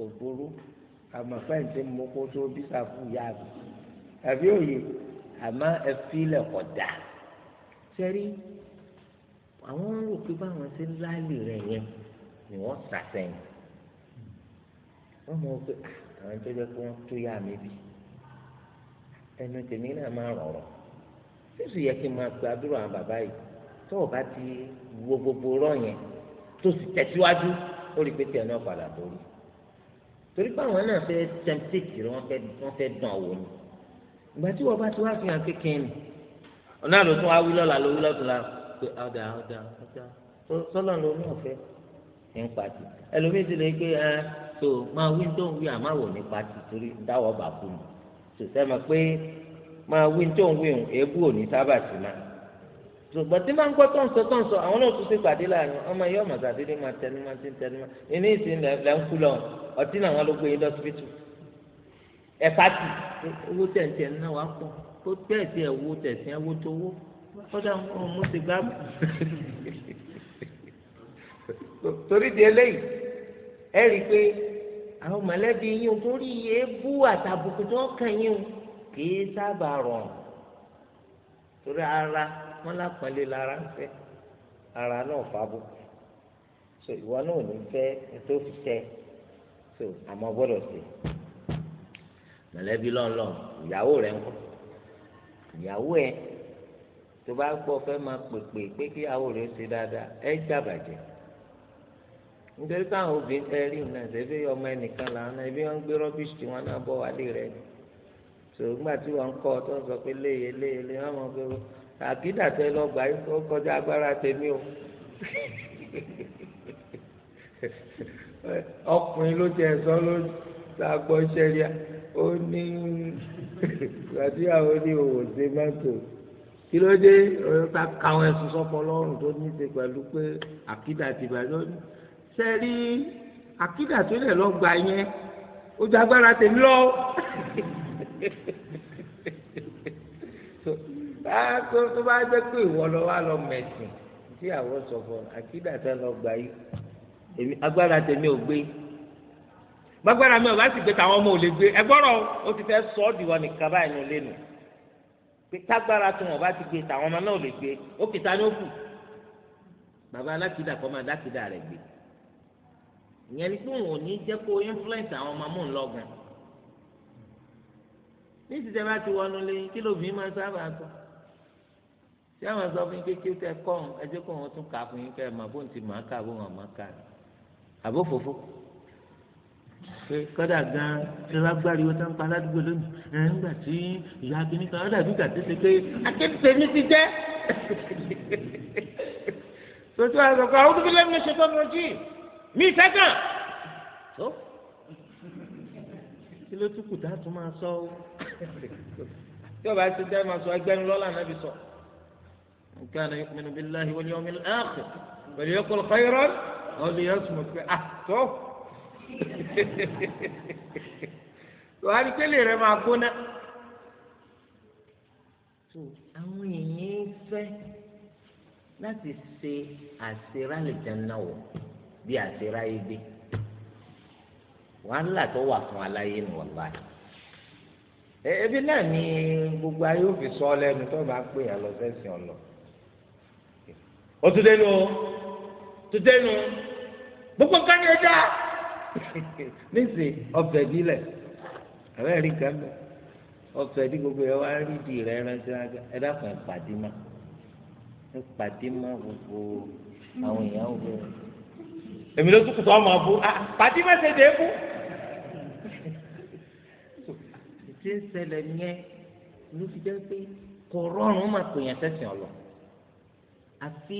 kò burú àmọ́ fẹ́ǹtì mú kó tó bí sàfù yá mi àbí òye àmọ́ ẹ fílẹ̀ kọ̀ dà sẹ́rí àwọn ń rò pé báwọn ṣe ń láàlì rẹ̀ yẹn ni wọ́n sàsẹ́yìn wọ́n mọ̀ pé ah, àwọn tó jẹ́ pé wọ́n tó yá mi bì ẹnu tèmi náà máa rọ̀rọ̀ sísù yẹ kí n máa gbàdúrà àwọn bàbá yìí tó o bá ti wo gbogbo rọ̀ yẹn tó sì tẹ̀síwájú ó rí i pé tiẹ̀ náà padà dórí torí pé àwọn náà fẹ́ tẹ̀mítéèkì rẹ wọ́n fẹ́ wọ́n fẹ́ dùn àwọ̀ ni ìgbà tí wọ́n bá ti wá fi hàn kékeré ni ọ̀nà àlọ́ tún wá wí lọ́la ló wí la pé ọ̀dà ọ̀dà ọ̀dà sọ́lọ́ ló ní ọ̀fẹ́ ní pàtì ẹlòmíì ti lè gbé ẹ tó máa wí tó ń wí àmáwò ní pàtì torí dáwọ́ bàbú mi tòṣẹ́ mọ̀ pé máa wí tó ń wí èébú òní sábà sí náà ṣùgbọ́n tí máa ń gbọ́ tó ń sọ tó àwọn náà tún ṣe pàdé láàrin ọmọ yìí ọmọ ṣàdédé máa tẹnu máa ti ń tẹnu máa ìní ìsìn lẹ́ ń kú lọ ọtí ló gbé yín lọ́sibítù ẹ̀ pàtì owó náà pọ̀ di eléyìí ẹ rí i pé àwọn mọ̀lẹ́bí yín torí èébú àtàbùkù tó kàn yín kì í sábà rọrùn ara wọn lápọnlé lára ń fẹ́ ara náà fàbọ so ìwọ náà ò ní fẹ́ ètò òfìsẹ so àmọ́ gbọ́dọ̀ sí mọ̀lẹ́bí ìyàwó rẹ ń kọ ìyàwó ẹ tó bá gbọ́ fẹ́ máa pèpè pé kí ìyàwó rẹ ṣe dáadáa ẹ nítorí káwọn obìnrin tẹ rí ṣẹbi ọmọ so nígbà tí wọn ń kọ tó ń sọ pé léye àkídà tẹ lọ gbà yín kó kọjá agbára tèmi o ọkùnrin ló tiẹ̀ sọ ló ta gbọ́ sẹ́ríà ó ní gbàdúràwó ní òwò ṣe mọ́tò kí ló dé ta káwọn ẹ̀sùn sọ́pọ̀ lọ́rùn tó ní í ṣe pẹ̀lú pé àkídà ti bàjọ́ ní sẹ́rí àkídà tó lẹ̀ lọ́gbà yẹn ó ju agbára tèmi lọ. báyà tó tó bá jẹ́ pé ìwọ lọ wá lọ mẹ̀sìn tí àwọ̀ sọ fún ọ àkídà tẹ lọ gbà yìí èmi agbára tèmi ò gbé gbàgbára mi ò bá sì gbé tàwọn ọmọ ò lè gbé ẹgbọ́rọ̀ ó ti fẹ́ sọ ọ́ dìwọ́ nìkan báyìí ló lénu pé tágbára tó wọn bá ti gbé tàwọn ọmọ náà ò lè gbé ó kì í ta ní ó bàbá alákìdá kọ́ máa dákìdá rẹ̀ gbé ìyẹn ni pé òun ò ní jẹ́ kó influence àwọn ọmọ mò ń lọ́gàn ní ìsìtẹ́ bá ti wọnú lé kí lóbi máa sábà gbọ́ tí àwọn sọ fún yín kékeré tẹ kọ́ ọ̀hún ẹ jẹ́ kó wọn tún kà á fún yín kẹ́ ẹ mà bóun ti màá kà bóun àmà kà ní. àbó fòfó pé kọ́dà gan ṣe wá gbárí wọn tán pa aládùúgbò lónìí ẹ̀ ń gbà tí ìyá akíní kan ọ̀dà bí gàdé ṣe pé akéde mi ti jẹ́. sotu àgbà kan àwọn olùkọ́ lẹ́nu ṣe tọ́nu ojú mi sẹ́kàn. tó kí ló tún kù tún máa sọ ó tí ọba ti dá máa sọ ẹgbẹ́ni lọ́la náà fi sọ. إن كان يؤمن بالله واليوم الآخر فليقل خيرا أو ليصمت فأحته wàhálì kẹlẹ rẹ máa gbóná tó àwọn èèyàn ń fẹ́ láti ṣe àṣírà lè jẹun wọ bí àṣírà yìí gbé wàhálà tó wà fún aláyé ni wọn bá yìí ebi náà ni gbogbo ayé òfin sọ lẹ́nu tó bá pè yàn lọ sẹsìn ọlọ ó tún dénú o tún dénú gbogbo nǹkan ní ẹja níìsì ọbẹ̀ nílẹ̀ àbẹ́ rí nǹkan mẹ́ ọbẹ̀ ní gbogbo ẹ̀ wá rí di rẹ̀ ránṣẹ́ ajá ẹ dákun ẹ̀ pàdé má ẹ pàdé má gbogbo àwọn èèyàn ń wọ. èmi ló túkùtù ọmọ àbú ah, pàdé má ṣe dé kú. ètò ìṣẹ̀lẹ̀ yẹn ló fi jẹ́ pé kò rọrùn máa pè yàn sẹ́sìn ọlọ́ọ̀ àfi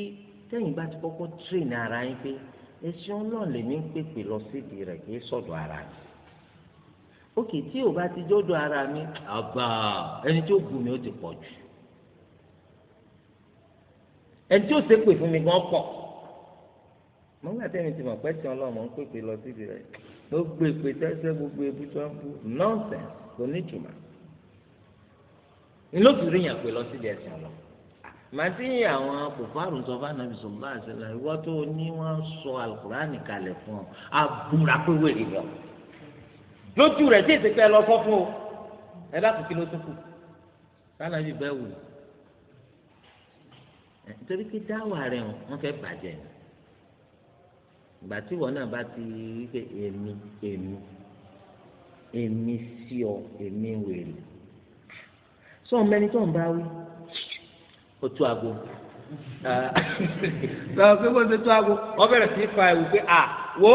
tẹ́yìn bá ti kọ́kọ́ tírèèni ara yín pé ẹ̀sìn ọlọ́run lèmi ń pèpè lọ sídìí rẹ̀ kì í sọ̀dọ̀ ara mi òkè tí ò bá ti jọ́dọ̀ ara mi àbá ẹni tí ó bù mí ó ti pọ̀ jù ẹni tí ó ṣe pè fún mi gan pọ̀ mo ń gbà tẹ́mi ti mọ̀ pé ẹ̀sìn ọlọ́run mọ̀ ń pèpè lọ sídìí rẹ̀ gbogbo èpè e tẹ́sẹ̀ gbogbo ebi tó ń bu nọ́ọ̀sẹ̀ kò ní ìtumọ̀ ni ló fi ríyàn pè lọ sídìí ẹ̀sìn ọlọ́run màtí àwọn kòfàrù sọ fáànà bí sọlá àṣẹlẹ ìwọ tó ní wọn sọ alukurani kalẹ̀ fún ọ abúra pé wèrè lọ lójú rẹ tí èsì pẹ lọ fọ fún o ẹ dákun kí ló tún kù fáànà bí bẹ wù nítorí pé dáwà rẹ wọn fẹ́ bàjẹ́ ni wọn náà bá ti rí pé èmi èmi èmi sí ọ èmi wèrè sọ ọmọ tó ń bá wí ó tú aago sọ pé kó ṣe tú aago wọ́n bẹ̀rẹ̀ sí fa ewu pé à wo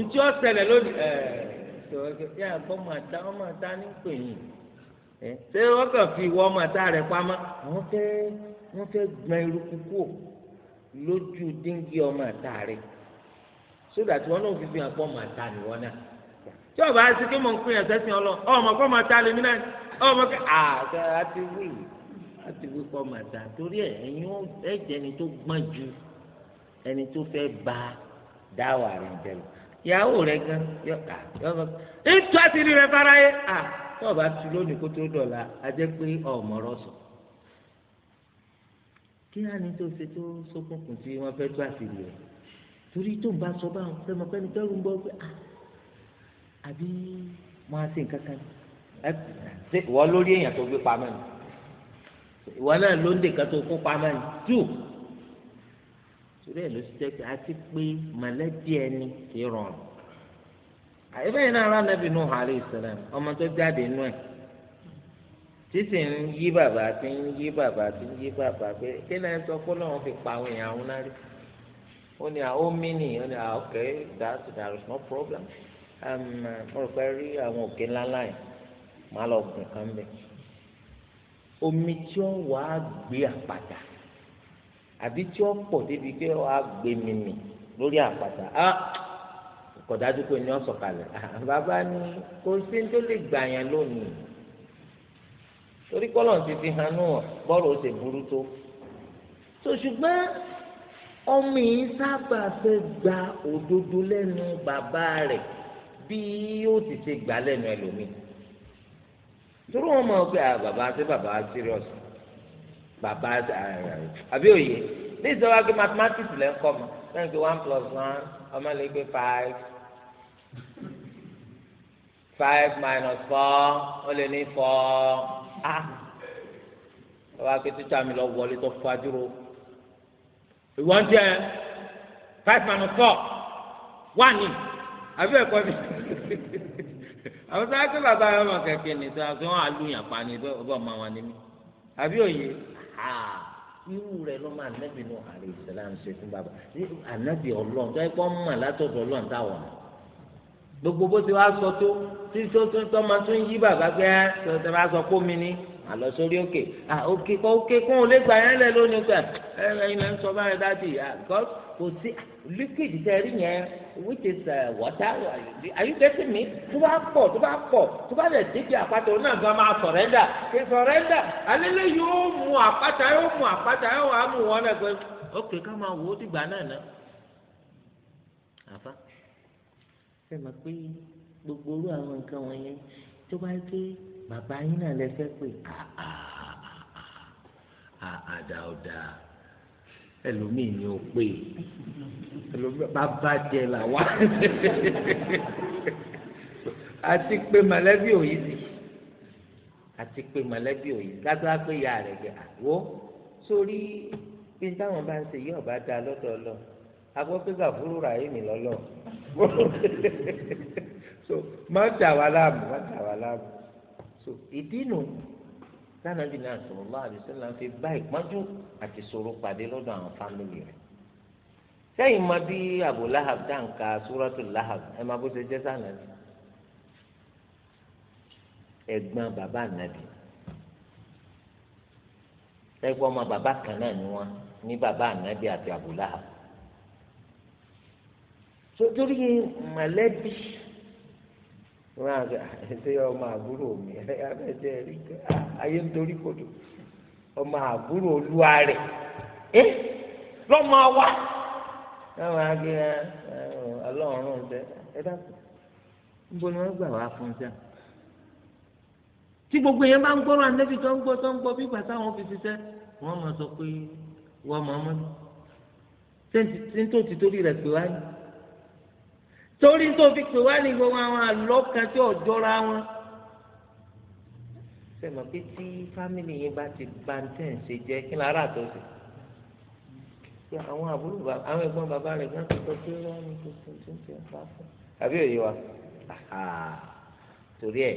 ntí ó ṣẹlẹ̀ lónìí ẹ̀ ṣe àgbọ̀ máa ta wọ́n máa ta ní pè yín ṣé wọ́n kàn fi ìwọ máa ta rẹ̀ pamọ́ àwọn fẹ́ wọ́n fẹ́ gbọn eruku kúò lójú díngí ọmọ àta rẹ̀ sódà tí wọ́n náà fi fi hàn pọ̀ máa ta nìwọ náà tí ọba àti kí mò ń pè yàn sẹ́sìn ọlọ́ ọmọ kọ́ máa ta lèmi náà ọmọ kẹ́ àti wíì láti wí kọ́ màdà torí ẹ̀ ẹ̀yin ẹ̀ jẹ́ ẹni tó gbọ́n ju ẹni tó fẹ́ ba dáwà rẹ̀ jẹ lọ ìyàwó rẹ̀ gan yọ ká yọ bá ètò àtìrí rẹ̀ fara yẹ à tó o bá tu lónìí kó tó dọ̀la a jẹ́ pé ọ̀mọ̀rọ̀ sọ kí á ní tó ṣe tó sókùnkùn tí wọ́n fẹ́ tó àtìrí rẹ̀ torí tó ń bá sọ báwọn fẹ́ mọ pẹ́ni tẹ́rù ń bọ́ pé à àbí wọ́n á ṣe nǹkan kan ẹ wọ́n lórí èèyàn tó gbé pamọ́ ni ìwà náà ló ń dè kátó kó pamọ́ ní jù torí ẹ̀ ló ti jẹ́ pé àti pé mọ̀lẹ́bí ẹni kì í rọrùn àyẹ̀fẹ́ yìí náà ránàbì nù hàlẹ́ ìsìlẹ̀m ọmọ tó jáde nù ẹ̀ títí ń yí bàbá tí ń yí bàbá tí ń yí bàbá pé kí náà sọ pé náà wọ́n fi pa àwọn èèyàn àwọn náà rí ó ní àwọn ah, mini ó ní àwọn ah, ok that there is no problem um, mo rò pé rí àwọn òkè ńláńlá yìí màá lọ gùn kán bẹ́ẹ̀ omi tí ó wà á gbé àpáta àbí tí ó pọ̀ débi pé ó á gbé mímì lórí àpáta á ah, kò dájú pé ní ó sọ̀kalẹ̀ ah, bàbá ni kò sí ní tó lè gbà yẹn lónìí torí kọ́lọ̀ ti fi hàn náà bọ́ọ̀lù ó ṣe burú tó tó ṣùgbọ́n ọmọ yìí sábà fẹ́ gba òdodo lẹ́nu bàbá rẹ̀ bí ó ti ṣe gbà lẹ́nu ẹlòmíì torí wọn mọ̀ pé ah, bàbá ṣe bàbá serious bàbá eh, àbí òye ní ìsọ̀rọ̀ agbé mathematics lẹ́ ń kọ́ mọ́ lẹ́yìn pé one plus one ọmọ lè gbé five five minus four ó lè ní four ah bàbá pé títà mi lọ wọlé tó fàdúró ìwọ ń jẹ five minus four one ni àbí ẹ̀kọ́ mi. àwọn sáà tó bàbá rẹ ọmọ kẹ̀kẹ́ ní sọ àti wọn àlùyàn pa ní ọba ọmọ wọn ní mi àbí òye irú rẹ ló máa nẹ́bí nù àlè ìsìlámù ṣe fún bàbá ànábì ọlọ́run tó ẹ pọ́n mọ̀ látọ̀dọ̀ ọlọ́run táwọn ọ̀nà gbogbo bó ti wá sọ tó tí tó tó tó máa tún yí bàbá pé tó tó bá sọ kó mi ní àlọ sórí òkè à òkè kọ òkè kó o lè gbà yẹn lẹ lónìí pẹ ẹ ẹyin lẹ ń sọ báyìí dáàdì àgọ kò sí liquid tẹ rí yẹn which is uh, water are you getting me tó bá pọ̀ tó bá pọ̀ tó bá lè dídì àpáta òun náà gan máa sọ̀rẹ́dà kì í sọ̀rẹ́dà alẹ́lẹ́ yóò mú àpáta yóò mú àpáta yóò wá mú wọn náà pé òkè ká máa wò ó dìgbà náà ná. àfa ṣe mọ̀ pé gbogbo orú àwọn nǹkan wọ̀nyẹn tó bá dé bàbá yín náà lẹsẹ pé àdá ọdà ẹlòmíì ni ó pè ẹlòmíì bàbá jẹ là wá àti pé mọ̀lẹ́bí òyìn sì àti pé mọ̀lẹ́bí òyìn lágbára pé ìyá rẹ̀ gẹ̀ àwọ̀ sórí bí táwọn bá ń ṣe yí ọba dá lọ́dọ̀ lọ agbọ́ pé gàfúrú rà yé mi lọ́lọ́ so má dà wá láàmú má dà wá láàmú so ìdínú lánàá bí náà sallallahu alaihi wasallam fi bá ìpọ́njú àti ṣòro pàdé lọ́dọ̀ àwọn fámìlì rẹ̀ sẹ́yìn mọ bí Abu Lahab dáǹkà Suratul Lahab ẹ máa bó ṣe jẹ́ sànàbí ẹ̀gbọ́n bàbá ànàbí ẹ̀gbọ́n ọmọ bàbá kan náà ni wọ́n ní bàbá ànàbí àti Abu Lahab sotori mọ̀lẹ́bí. So, wọn àgbà ẹsẹ ọmọ àbúrò mi abẹsẹ rí ayé nítorí ọmọ àbúrò olúwa rẹ ẹ lọmọ wa táwọn àgbẹ Ọlọ́run ń bẹ ẹ níbo ni wọn gbà wá fún tí gbogbo yẹn bá ń gbọ́rọ̀ ànẹ́bí tó ń gbọ́ tó ń gbọ́ bí fi ṣiṣẹ́ máa sọ pé máa mọ́ ní torí tó fi pè wá ní gbogbo àwọn àlọ́ kan tí ò jọra wọn sẹ́mọ̀ pé tí fámìlì yín bá ti ba tẹ̀ ń ṣe jẹ́ kí lára tó ṣe pé àwọn àbúrò bàbá àwọn ẹ̀gbọ́n bàbá rẹ̀ gbọ́n tó tọ́ pé wọ́n ní tuntun tó ń tẹ̀ ń fún. àbí òye wa torí ẹ̀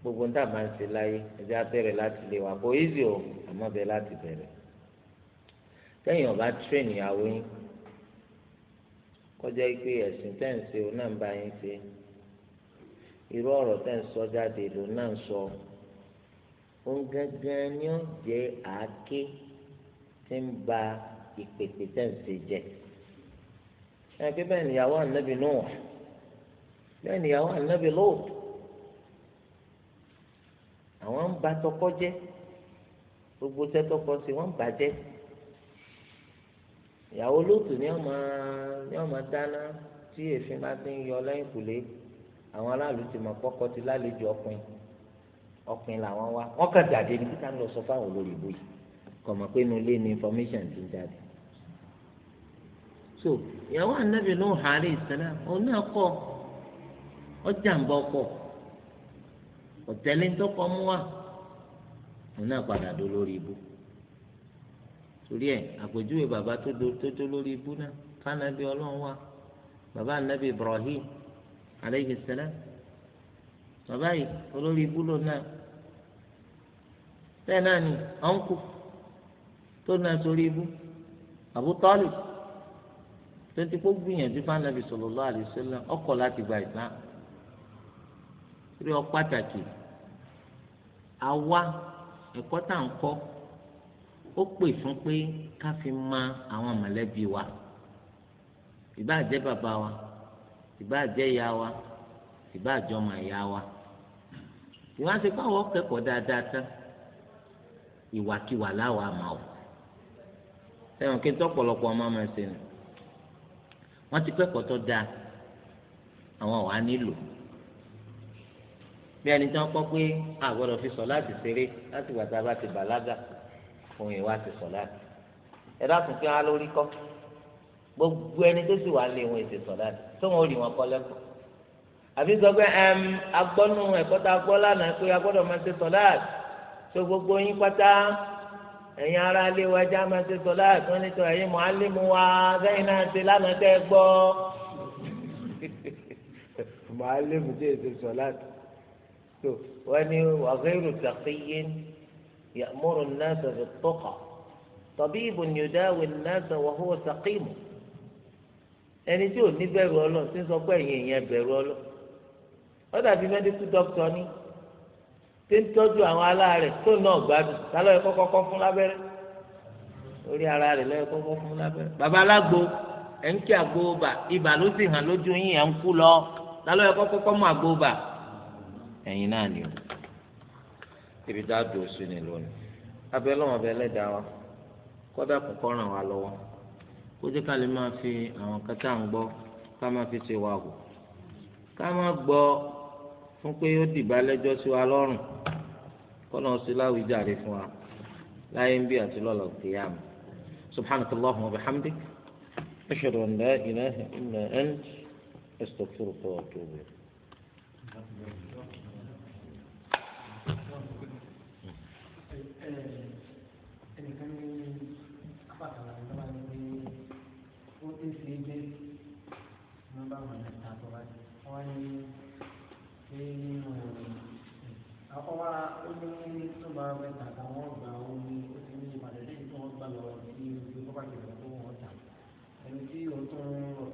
gbogbo ń dàbà ń ṣe láyé ẹ̀jẹ̀ abẹ́rẹ́ láti lè wà kó easy o àmọ́ bẹ́ẹ̀ láti bẹ̀rẹ̀. sẹ́yìn ọ̀bá tírẹ̀nì ìyàwó yín kọjá pé ẹ̀sìn tẹ̀ ń ṣe òun náà ń bá yín ṣe irú ọ̀rọ̀ tẹ̀ ń sọ jáde lòun náà ń sọ òun gangan ni ó jẹ́ àáké tí ń ba ìpèpè tẹ̀ ń ṣe jẹ ẹ̀ pé bẹ́ẹ̀ nìyàwó ànábì Nuh bẹ́ẹ̀ nìyàwó ànábì Lut àwọn ń ba tọkọ jẹ́ gbogbo sẹ́tọkọ sí wọ́n ń bàjẹ́ ìyàwó lóòtù ni ọmọ ni ọmọ dáná tí èéfín bá ti ń yọ lẹ́yìn kùlé àwọn aráàlú ti mọ̀ pọ́kọ ti lálejò ọpin ọpin làwọn wá wọ́n kàn jáde ní kíkà ń lọ sọ fáwọn olórí ìbò yìí kọ̀ mọ̀ pé inú ilé ni information ti ń jáde. so ìyàwó anabi ló ń hàárì ìsẹ́lá òun náà kọ́ ọjà ń bọ́ ọkọ̀ ọ̀tẹ́lẹ́ńtọ́kọ̀ mú wa òun náà padà dó lórí ìbò torí ẹ àpèjúwe bàbá tó dó lórí ibú náà fànàbí ọlọ́run wa bàbá ànábì Ibrahim aleyhi salam bàbá yìí olórí ibú ló náà bẹ́ẹ̀ náà ni ọ̀nkù tó náà sórí ibú Abu Talib tó ti kó gbìyànjú fànàbí sallallahu alaihi wasallam láti gba Islam torí ọ pàtàkì àwa ẹ̀kọ́ tá à ń kọ́ ó pè fún pé ká fi mọ àwọn mọ̀lẹ́bí wa ìbáà jẹ́ bàbá wa ìbáà jẹ́ ìyá wa ìbáà jẹ́ ọmọ ìyá wa ìwà ṣe kó àwọn kẹ́kọ̀ọ́ dáadáa tán ìwàkiwà láwa mà ó sẹ́wọ̀n kí n tọ́ pọ̀lọpọ̀ ọmọ máa ṣe nù wọ́n ti kẹ́kọ̀ọ́ tó dáa àwọn wà nílò bí ẹni tí wọ́n kọ́ pé àgbọ̀dọ̀ fi sọ láti ṣeré láti gbàtà bá ti bàlágà òun yìí wá ti sọ̀láàtì ẹ dákun kí wọn á lórí kọ́ gbogbo ẹni tó sì wà lé wọn ètè sọ̀láàtì tó wọn ò rí wọn kọ́ lẹ́kọ̀ọ́ àbí sọ pé ẹm agbọ́nú ẹ̀kọ́ tá a gbọ́ lánàá pé a gbọ́dọ̀ máa ṣe sọ̀láàtì tó gbogbo yín pátá ẹ̀yin ará ilé wa já máa ṣe sọ̀láàtì wọn ní sọ ẹ̀yin mọ̀álímù wa sẹ́yìn náà ṣe lánàá tẹ́ ẹ gbọ́ mọ̀álímù tẹ́ ẹ ṣe sọ̀láàtì tó wọ́n ní wàhálà يأمر الناس بالتقى طبيب يداوي الناس وهو سقيم ẹni tí ò ní bẹ̀rù ọlọ́ tí sọ pé dàbí ni tí ń tọ́jú àwọn aláàárẹ̀ tó náà gbádùn tálọ́ ẹ̀kọ́ kọ́kọ́ fún lábẹ́rẹ́ orí ara rẹ̀ lọ́yẹ̀ kọ́kọ́ fún lábẹ́rẹ́ bàbá alágbo ẹ̀ ń kí àgbo bà ibà ló sì ibi tá a dùn sí ni lónìí abẹ́ lọ́wọ́ abẹ́ lẹ́dàá wa kọ́dà kò kọ́ ràn wá lọ́wọ́ kó jẹ́ ká lè máa fi àwọn kẹta ń gbọ́ ká máa fi ṣe wa wò ká má gbọ́ fún pé ó dìbà lẹ́jọ́ sí wa lọ́rùn kọ́nà sí láwùjáde fún wa láyé ń bí àti lọ́la òkèèyàn subhanaka allahumma wa bihamdik ashhadu an la ilaha illa ant astaghfiruka wa atubu ilayk wọn ní pé nínú àkọ́wá ó ní tó bá wẹ̀ tàbí àwọn ọgbà ó ní ó ti ní ìbàdàn lẹ́yìn tó wọ́n gbà lọ sí ibi tó bá ti lọ tó wọ́n tà ẹni tí òun tó ẹ ń tọ́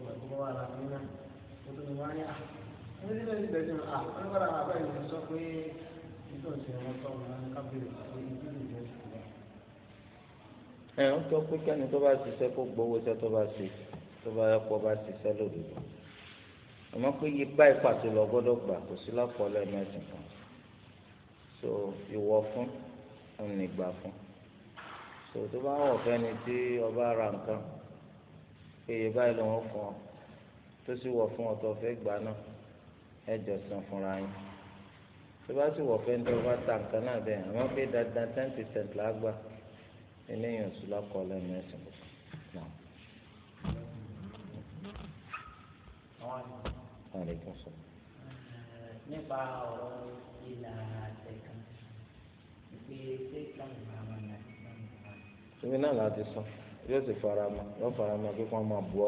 pé kẹ́ni tó bá ṣiṣẹ́ kó gbowó iṣẹ́ tó bá ṣe tó bá yẹ kó bá ṣiṣẹ́ lódodo àmọ́ pé yí báyìí pàtó lọ gbọ́dọ̀ gbà kò sí lápọlọ ẹmẹsìn kan so ìwọ fún ònìgbà fún so tó bá wọ fẹ́ni tí ọba ra nǹkan iye báyìí lòun fún ọ tó sì wọ fún ọtọ fẹ́ gbà náà ẹ jọ san fúnra yín tó bá sì wọ fẹ́ni tó bá ta nǹkan náà bẹ́ẹ̀ àmọ́ pé dandan ten percent làá gbà eléyìí ò sí lápọlọ kan. Eh, nípa ọ̀rọ̀ ìlà àtẹ̀kàn ìpè ṣé ìlànà àwọn ìlànà náà láti sọ yóò sì fara mọ́ yóò fara mọ́ kí wọ́n máa bu ọ.